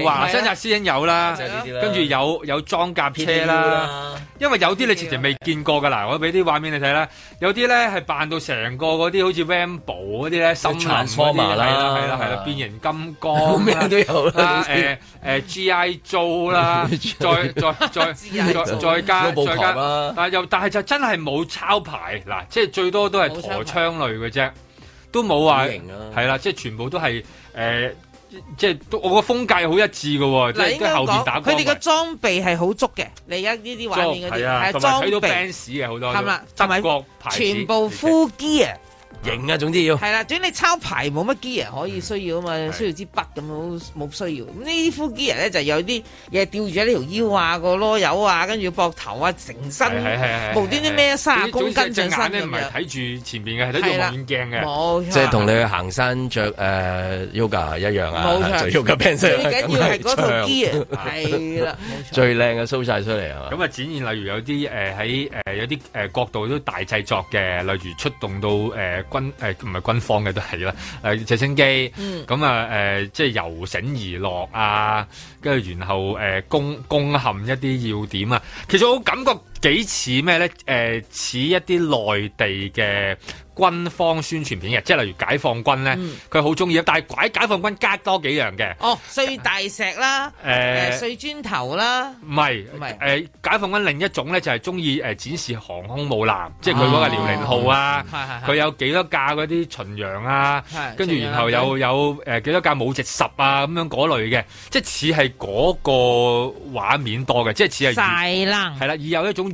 啊、新澤師兄有啦，跟住、啊、有有裝甲車啦、P2L、啦，因為有啲你直情未見過噶啦，啦，我俾啲畫面你睇啦。有啲咧係扮到成個嗰啲好似 Rambo 嗰啲咧，深層嗰啲啦，係啦係啦係啦，變形金剛啦，咩都有啦，誒誒 G.I. Joe 啦， 再再再 再再，再加、 啊、再加啦。但又但係就真係冇抄牌嗱，即係最多都係陀槍類嘅啫，都冇話係啦，即係全部都係誒。呃即係都我個風格好一致嘅喎，即係後面打佢哋嘅裝備係好足嘅，而家呢啲畫面嗰啲啊，同埋睇到 fans 嘅好多是、啊，德國牌子全部 full gear 啊！型啊，總之要係啦。總之你抄牌冇乜 gear 可以、嗯、需要啊嘛，需要支筆咁冇需要。咁呢啲副 gear 咧，就有啲嘢吊住喺呢條腰啊，個囉柚啊，跟住膊頭啊，成身無端端孭三公斤上身嘅。隻眼咧唔係睇住前面嘅，係睇住遠鏡嘅。冇，即係同你去行山著誒 yoga 一樣啊。冇錯，yoga pants 最緊要係嗰套 gear，係啦。最靚嘅 show 曬出嚟啊！咁啊，展現例如有啲誒喺誒有啲誒角度都大製作嘅，例如出動到誒。軍誒唔係軍方嘅都係啦，誒直升機，嗯咁啊誒即係游繩而落啊，跟住然後誒、呃、攻攻陷一啲要點啊，其實我好感覺。幾似咩咧？誒、呃、似一啲內地嘅軍方宣傳片嘅，即係例如解放軍咧，佢好中意。但係拐解放軍加多幾樣嘅。哦，碎大石啦，呃、碎磚頭啦。唔、呃、係，唔係、哦、解放軍另一種咧，就係中意展示航空母艦，即係佢嗰個遼寧號啊。係係佢有幾多架嗰啲巡洋啊？啊跟住然後有有誒、呃、幾多架武直十啊咁樣嗰類嘅，即係似係嗰個畫面多嘅，即係似係啦，啦，以有一種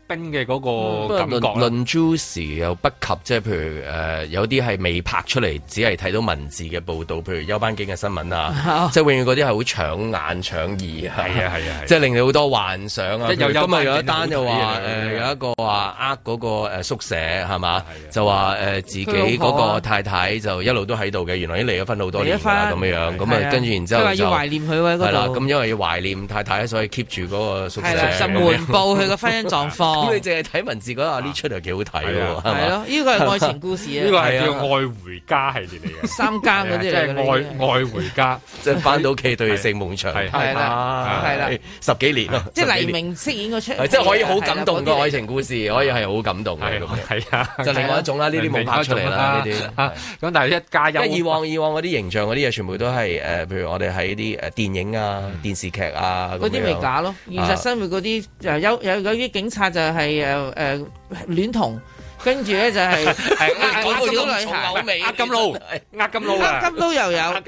跟嘅嗰個感覺論 juicy 又不及，即係譬如誒、呃、有啲係未拍出嚟，只係睇到文字嘅報道，譬如休班警嘅新聞、oh. 搶搶啊，啊，啊，即係永遠嗰啲係好搶眼、搶耳啊，啊係啊，即係令你好多幻想啊！即係今日有一單就話誒有一個話呃嗰個宿舍係嘛、啊，就話誒、呃、自己嗰個太太就一路都喺度嘅，原來已經離咗婚好多年啦咁樣樣，咁啊跟住然之後就要懷念佢喺嗰度，係啦，咁、啊、因為要懷念太太，所以 keep 住嗰個宿舍。係啦、啊，報佢個婚姻狀況。 咁你淨係睇文字嗰阿呢出就幾好睇喎？係、啊、咯，呢、啊啊啊這個係愛情故事啊！呢 個係叫愛回家系《愛回家》系列嚟嘅，《三更》嗰啲係《愛回家》 是的，即係翻到屋企對性夢長係啦，係 啦，是的 是的 十幾年咯、啊，即係黎明飾演嗰出，係即係可以好感動個愛情故事，可以係好感動嘅咁、嗯、樣，係 啊，就另外一種啦，呢啲冇拍出嚟啦，呢啲。咁但係一加一，以往以往嗰啲形象嗰啲嘢，全部都係誒，譬如我哋喺啲誒電影啊、電視劇啊，嗰啲咪假咯，現實生活嗰啲有有有啲警察就。係誒誒，戀童，跟住咧就係，係嗰個小女孩，壓金路，壓金路金路又有，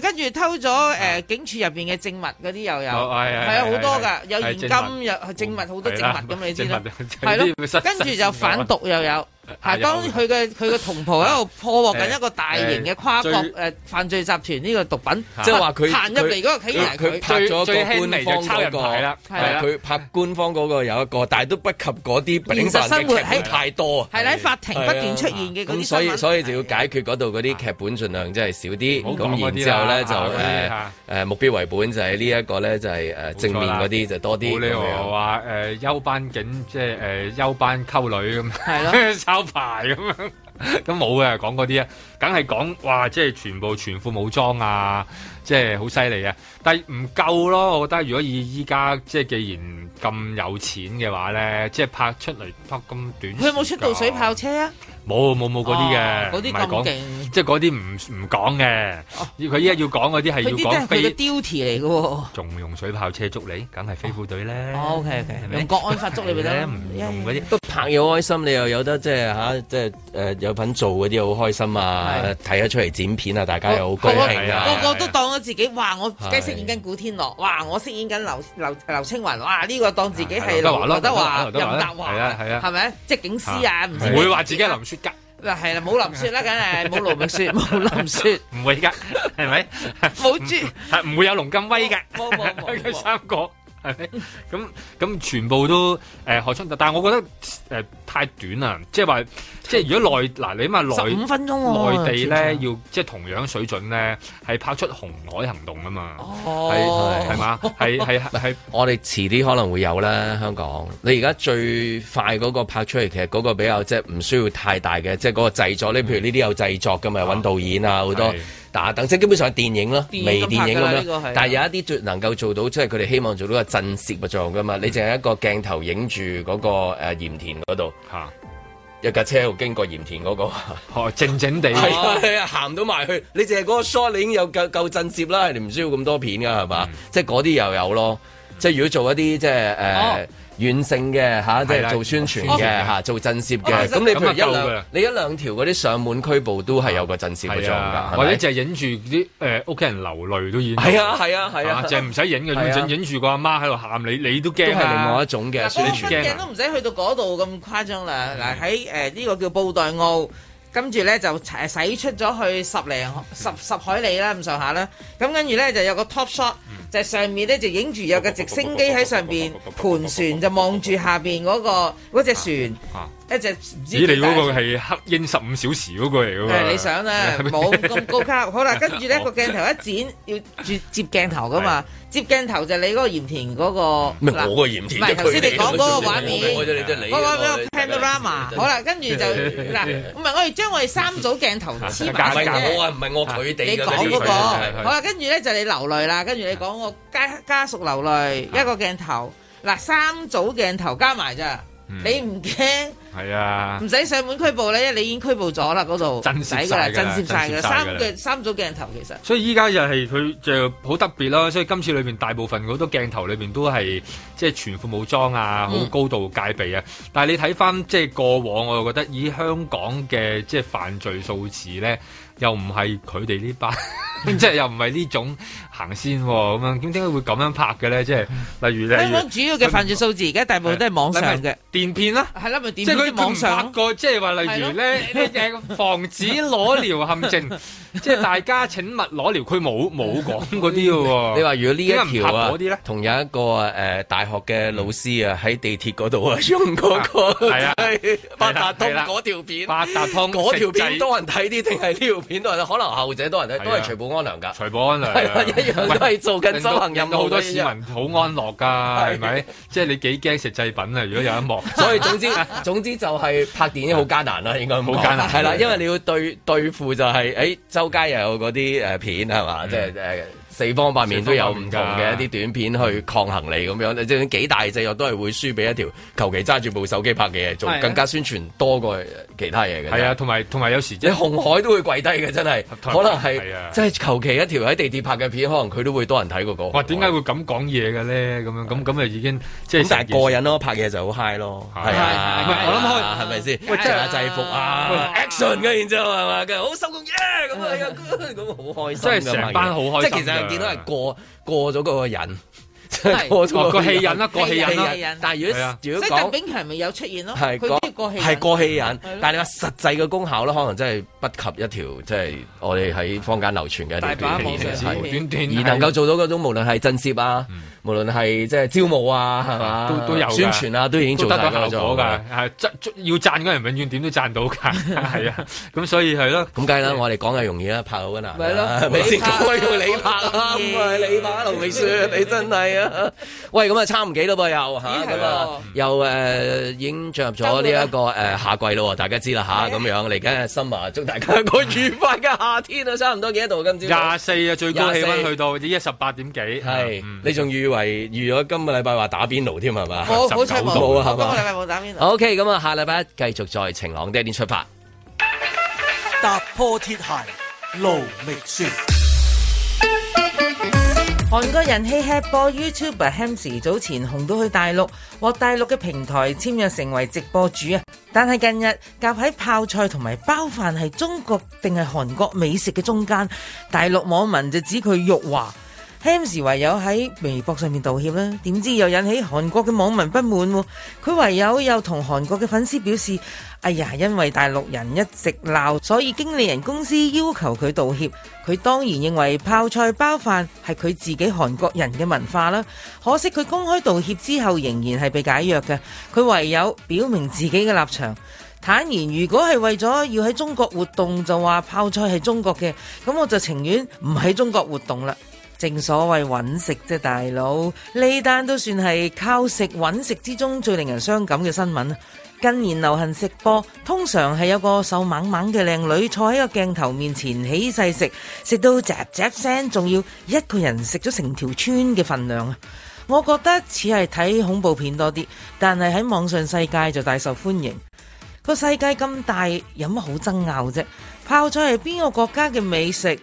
跟住偷咗誒警署入邊嘅證物嗰啲又有，係啊，好多噶，有現金有證物，好多證物咁你知啦，係咯，跟住就販毒又有。係，當佢嘅佢嘅同袍喺度破獲緊一個大型嘅跨國誒犯罪集團呢個毒品，即係話佢行入嚟嗰個起頭，佢拍最輕微就抄人牌，係啦，係啦，佢拍官方嗰個有一個，但係都不及嗰啲現實生活係太多，係啦，喺法庭不斷出現嘅嗰啲咁，所以所以就要解決嗰度嗰啲劇本，盡量即係少啲。咁然之後咧就誒誒目標為本，就係呢一個咧就係誒正面嗰啲就多啲。冇你話話誒休班警即係誒休班溝女咁。係咯。有排咁樣，都冇嘅，講嗰啲啊，梗係講哇，即係全部全副武裝啊！即係好犀利啊！但係唔夠咯，我覺得如果依依家即係既然咁有錢嘅話咧，即係拍出嚟拍咁短，佢有冇出到水炮車啊？冇冇冇嗰啲嘅，啲咁勁即係嗰啲唔唔講嘅。佢依家要講嗰啲係要講飛的雕貼嚟嘅喎，仲用水炮車捉你，梗係飛虎隊咧、哦。OK OK，係咪用國安法捉你咪得、啊，唔用嗰啲都拍又開心，你又有得即係、啊、即係、呃、有份做嗰啲好開心啊！睇、啊、得出嚟剪片啊，大家又好高興啊，哦、啊啊啊啊都當我自己話我自己飾演緊古天樂，哇！我飾演緊劉劉劉青雲，哇！呢、這個當自己係劉德華、任達華，係啊係啊，係咪？即係警司啊，唔會話自己係、啊、林雪噶，係啦，冇林雪啦，梗係冇盧雪，冇 林雪，唔 會噶，係咪？冇 住是的，係 唔 不 會有龍金威嘅，冇冇冇， 三個。咁 咁全部都誒、呃、學出，但係我覺得、呃、太短啦，即係話即係如果內嗱你起碼內分、啊、內地咧、啊、要即係、即係、同樣水準咧係拍出《紅海行動》啊嘛，係係嘛係係我哋遲啲可能會有啦香港。你而家最快嗰個拍出嚟其實嗰個比較即係唔需要太大嘅，即係嗰個製作你、嗯、譬如呢啲有製作㗎嘛，搵、啊、導演啊好多。嗱，等即基本上係電影咯，微電影咁樣。但係有一啲能夠做到，即係佢哋希望做到個震懾嘅作用㗎嘛。嗯、你淨係一個鏡頭影住嗰個誒鹽田嗰度，嚇、啊、一架車喺度經過鹽田嗰、嗰個、哦，靜靜地係啊，啊，啊，行到埋去。你淨係嗰個 shot 已經有夠夠震懾啦，你唔需要咁多片㗎，係嘛？即係嗰啲又有咯。即係如果做一啲即係誒。呃哦遠性嘅即係做宣傳嘅、啊、做震懾嘅。咁、啊、你，你一兩，你一兩條嗰啲上門拘捕都係有個震懾嘅作用㗎，或者淨係影住啲誒屋企人流淚都已經。係啊係啊係啊，淨係唔使影嘅，影住、啊啊啊啊啊、個阿媽喺度喊，你你都驚係、啊、另外一種嘅。攝、啊、影、啊啊那個、都唔使去到嗰度咁誇張啦。嗱喺呢個叫布袋澳，跟住咧就使出咗去十零十十,十海里啦，咁上下啦。咁跟住咧就有個 top shot、嗯。就係，上面咧就影住有架直升機喺上邊盤旋，就望住下邊嗰，嗰個嗰隻船。啊啊一隻唔知你嗰個係黑鷹十五小時嗰個嚟噶嘛？係你想啦，冇咁高級。好啦，跟住咧個鏡頭一剪，要接接鏡頭噶嘛？接鏡頭就你嗰個鹽田嗰個。唔係我個鹽田。唔係頭先你講嗰個畫面。嗰個嗰個 panorama。好啦，跟住就嗱，唔係我哋將我哋三組鏡頭黐埋啫。唔係我啊，唔係我佢哋。你講嗰個。好啦，跟住咧就你流淚啦，跟住你講個家家屬流淚，一個鏡頭。嗱，三組鏡頭加埋咋？你唔驚？係啊，唔使上門拘捕咧，因為你已經拘捕咗啦嗰度，震懾㗎啦，震懾晒㗎，三鏡三組鏡頭其實。所以依家就係、係、佢就好特別啦，所以今次裏面大部分好多鏡頭裏面都係即係全副武裝啊，好高度戒備啊。嗯、但係你睇翻即係過往，我又覺得以香港嘅即係犯罪數字咧，又唔係佢哋呢班。 即係又唔係呢種行先咁樣，咁點解會咁樣拍嘅咧？即係例如咧，香港主要嘅犯罪數字而家大部分都係網上嘅電片啦、啊，係啦咪電片即係佢五百個，即係話例如呢，你嘅、啊、防止裸聊陷阱，即 係大家請勿裸聊，佢冇冇講嗰啲喎。你話如果呢一條啊，啲同有一個誒、呃、大學嘅老師啊，喺地鐵嗰度啊，用 嗰個係、就是、啊，啊，八達通嗰、啊條，啊啊、條片，八達通嗰條片多人睇啲定係呢條片多咧？可能後者多人睇，都係全部。安良噶，除暴安良，係啊，一樣都係做緊執行任務的，令到好多市民好安樂噶，係、嗯、咪？是不是 即係你幾驚食製品啊？如果有一幕， 所以總之 總之就係拍電影好艱難啦、啊，應該冇艱難，係啦， 因為你要對付就係、是，誒、哎，周街又有嗰啲誒片係嘛，即係四方八面都有唔同嘅一啲短片去抗衡你咁樣，即係幾大隻我都係會輸俾一條求其揸住部手機拍嘅嘢仲，更加宣傳多過其他嘢嘅。係啊，同埋同埋有時你紅海都會跪低嘅，真係可能係即係求其一條喺地鐵拍嘅片，可能佢都會多人睇嗰個。哇！點解會咁講嘢嘅咧？咁樣，咁咁啊就已經，嗯、即係。咁但係過癮咯，拍嘢就好 high 咯，係啊，我諗開係咪先打制服啊，action 嘅、啊、然之後係嘛好收。係啊，咁好開心，即係成班好開心。即係其實係見到係過過咗嗰個人，過過氣人啦，過氣人啦。但係如果如果講，鄧炳強係咪有出現咯？係講係過氣人，但係你話實際嘅功效啦，可能真係不及一條，即係我哋喺坊間流傳嘅大把網上而能夠做到嗰種，無論係震懾啊。無論係即係招募啊，係嘛，都都有宣傳啊，都已經做晒效果噶，要賺嗰人永遠，永遠點都賺到噶，係啊。咁所以係咯，咁梗係啦。我哋講嘅容易啦、啊，拍好艱難咪咯，先講我用你拍啦，唔你拍都未算，你真係啊。 喂，咁啊差唔多幾嘞噃又吓咁啊，又誒、啊、已經進入咗呢一個夏、呃、季喎，大家知啦咁、啊啊、樣嚟緊嘅新聞，Summer, 祝大家個、嗯、愉快嘅夏天啊，差唔多幾多度今朝。廿四啊，最高氣温去到啲一十八點幾。係、嗯，你仲預喎？係預咗今天，哦，個禮拜話打邊爐添係嘛，冇錯，冇啊，今個禮拜冇打邊爐。O K，咁啊，下禮拜一繼續在晴朗的一天出發，踏破鐵鞋路覓雪。韓國人氣吃播 YouTuber Hamsi 早前紅到去大陸，獲大陸嘅平台簽約成為直播主啊，但係近日夾喺泡菜同埋包飯係中國定係韓國美食嘅中間，大陸網民就指佢辱華。Hamzy 唯有喺微博上面道歉啦，點知又引起韓國嘅網民不滿。佢唯有又同韓國嘅粉絲表示，哎呀，因為大陸人一直鬧，所以經理人公司要求佢道歉。佢當然認為泡菜包飯係佢自己韓國人嘅文化啦。可惜佢公開道歉之後，仍然係被解約嘅。佢唯有表明自己嘅立場，坦言如果係為咗要喺中國活動，就話泡菜係中國嘅，咁我就情願唔喺中國活動啦。正所謂搵食啫，大佬，呢單都算係靠食搵食之中最令人傷感嘅新聞。近年流行食播，通常係有個瘦猛猛嘅靚女坐喺個鏡頭面前起勢食，食到喳喳聲，仲要一個人食咗成條村嘅份量啊！我覺得似係睇恐怖片多啲，但係喺網上世界就大受歡迎。個世界咁大，有乜好爭拗啫？泡菜係邊個國家嘅美食，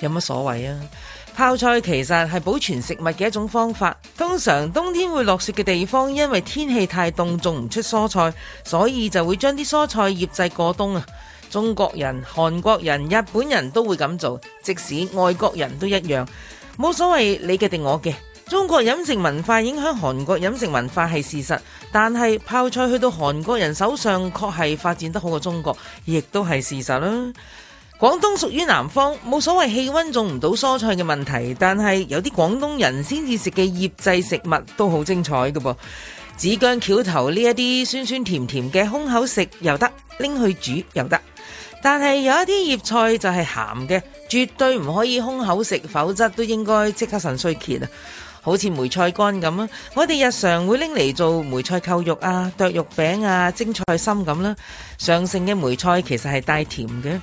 有乜所謂啊？泡菜其實係保存食物嘅一種方法。通常冬天會落雪嘅地方，因為天氣太凍，種唔出蔬菜，所以就會將啲蔬菜醃製過冬啊。中國人、韓國人、日本人都會咁做，即使外國人都一樣，冇所謂你嘅定我嘅。中國飲食文化影響韓國飲食文化係事實，但係泡菜去到韓國人手上，確係發展得好過中國，亦都係事實啦。廣東屬於南方，冇所謂氣溫種唔到蔬菜嘅問題。但係有啲廣東人先至食嘅醃製食物都好精彩嘅噃，子薑、蕎頭呢一啲酸酸甜甜嘅，空口食又得，拎去煮又得。但係有一啲醃菜就係鹹嘅，絕對唔可以空口食，否則都應該即刻腎衰竭啊！好似梅菜乾咁啦，我哋日常會拎嚟做梅菜扣肉啊、剁肉餅啊、蒸菜心咁啦。上乘嘅梅菜其實係帶甜嘅。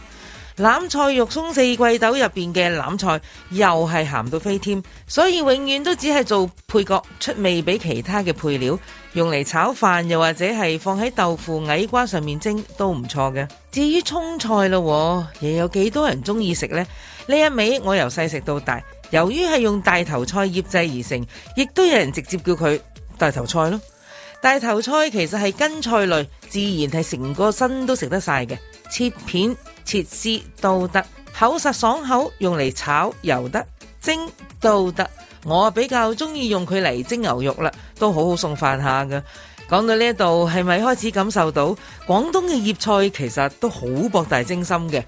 欖菜肉鬆四季豆入邊嘅欖菜又係鹹到飛添，所以永遠都只係做配角，出味俾其他嘅配料用嚟炒飯又或者係放喺豆腐矮瓜上面蒸都唔錯嘅。至於蔥菜咯，又有幾多人中意食呢？呢一味我由細食到大，由於係用大頭菜醃製而成，亦都有人直接叫佢大頭菜咯。大頭菜其實係根菜類，自然係成個身都食得晒嘅，切片，切絲都得，口實爽口，用嚟炒又得，蒸都得。我比較中意用佢嚟蒸牛肉啦，都好好送飯下噶。講到呢一度，係咪開始感受到廣東嘅醃菜其實都好博大精深嘅？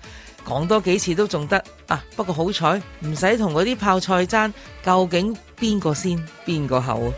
講多幾次都仲得啊！不過好彩唔使同嗰啲泡菜爭，究竟邊個先邊個後。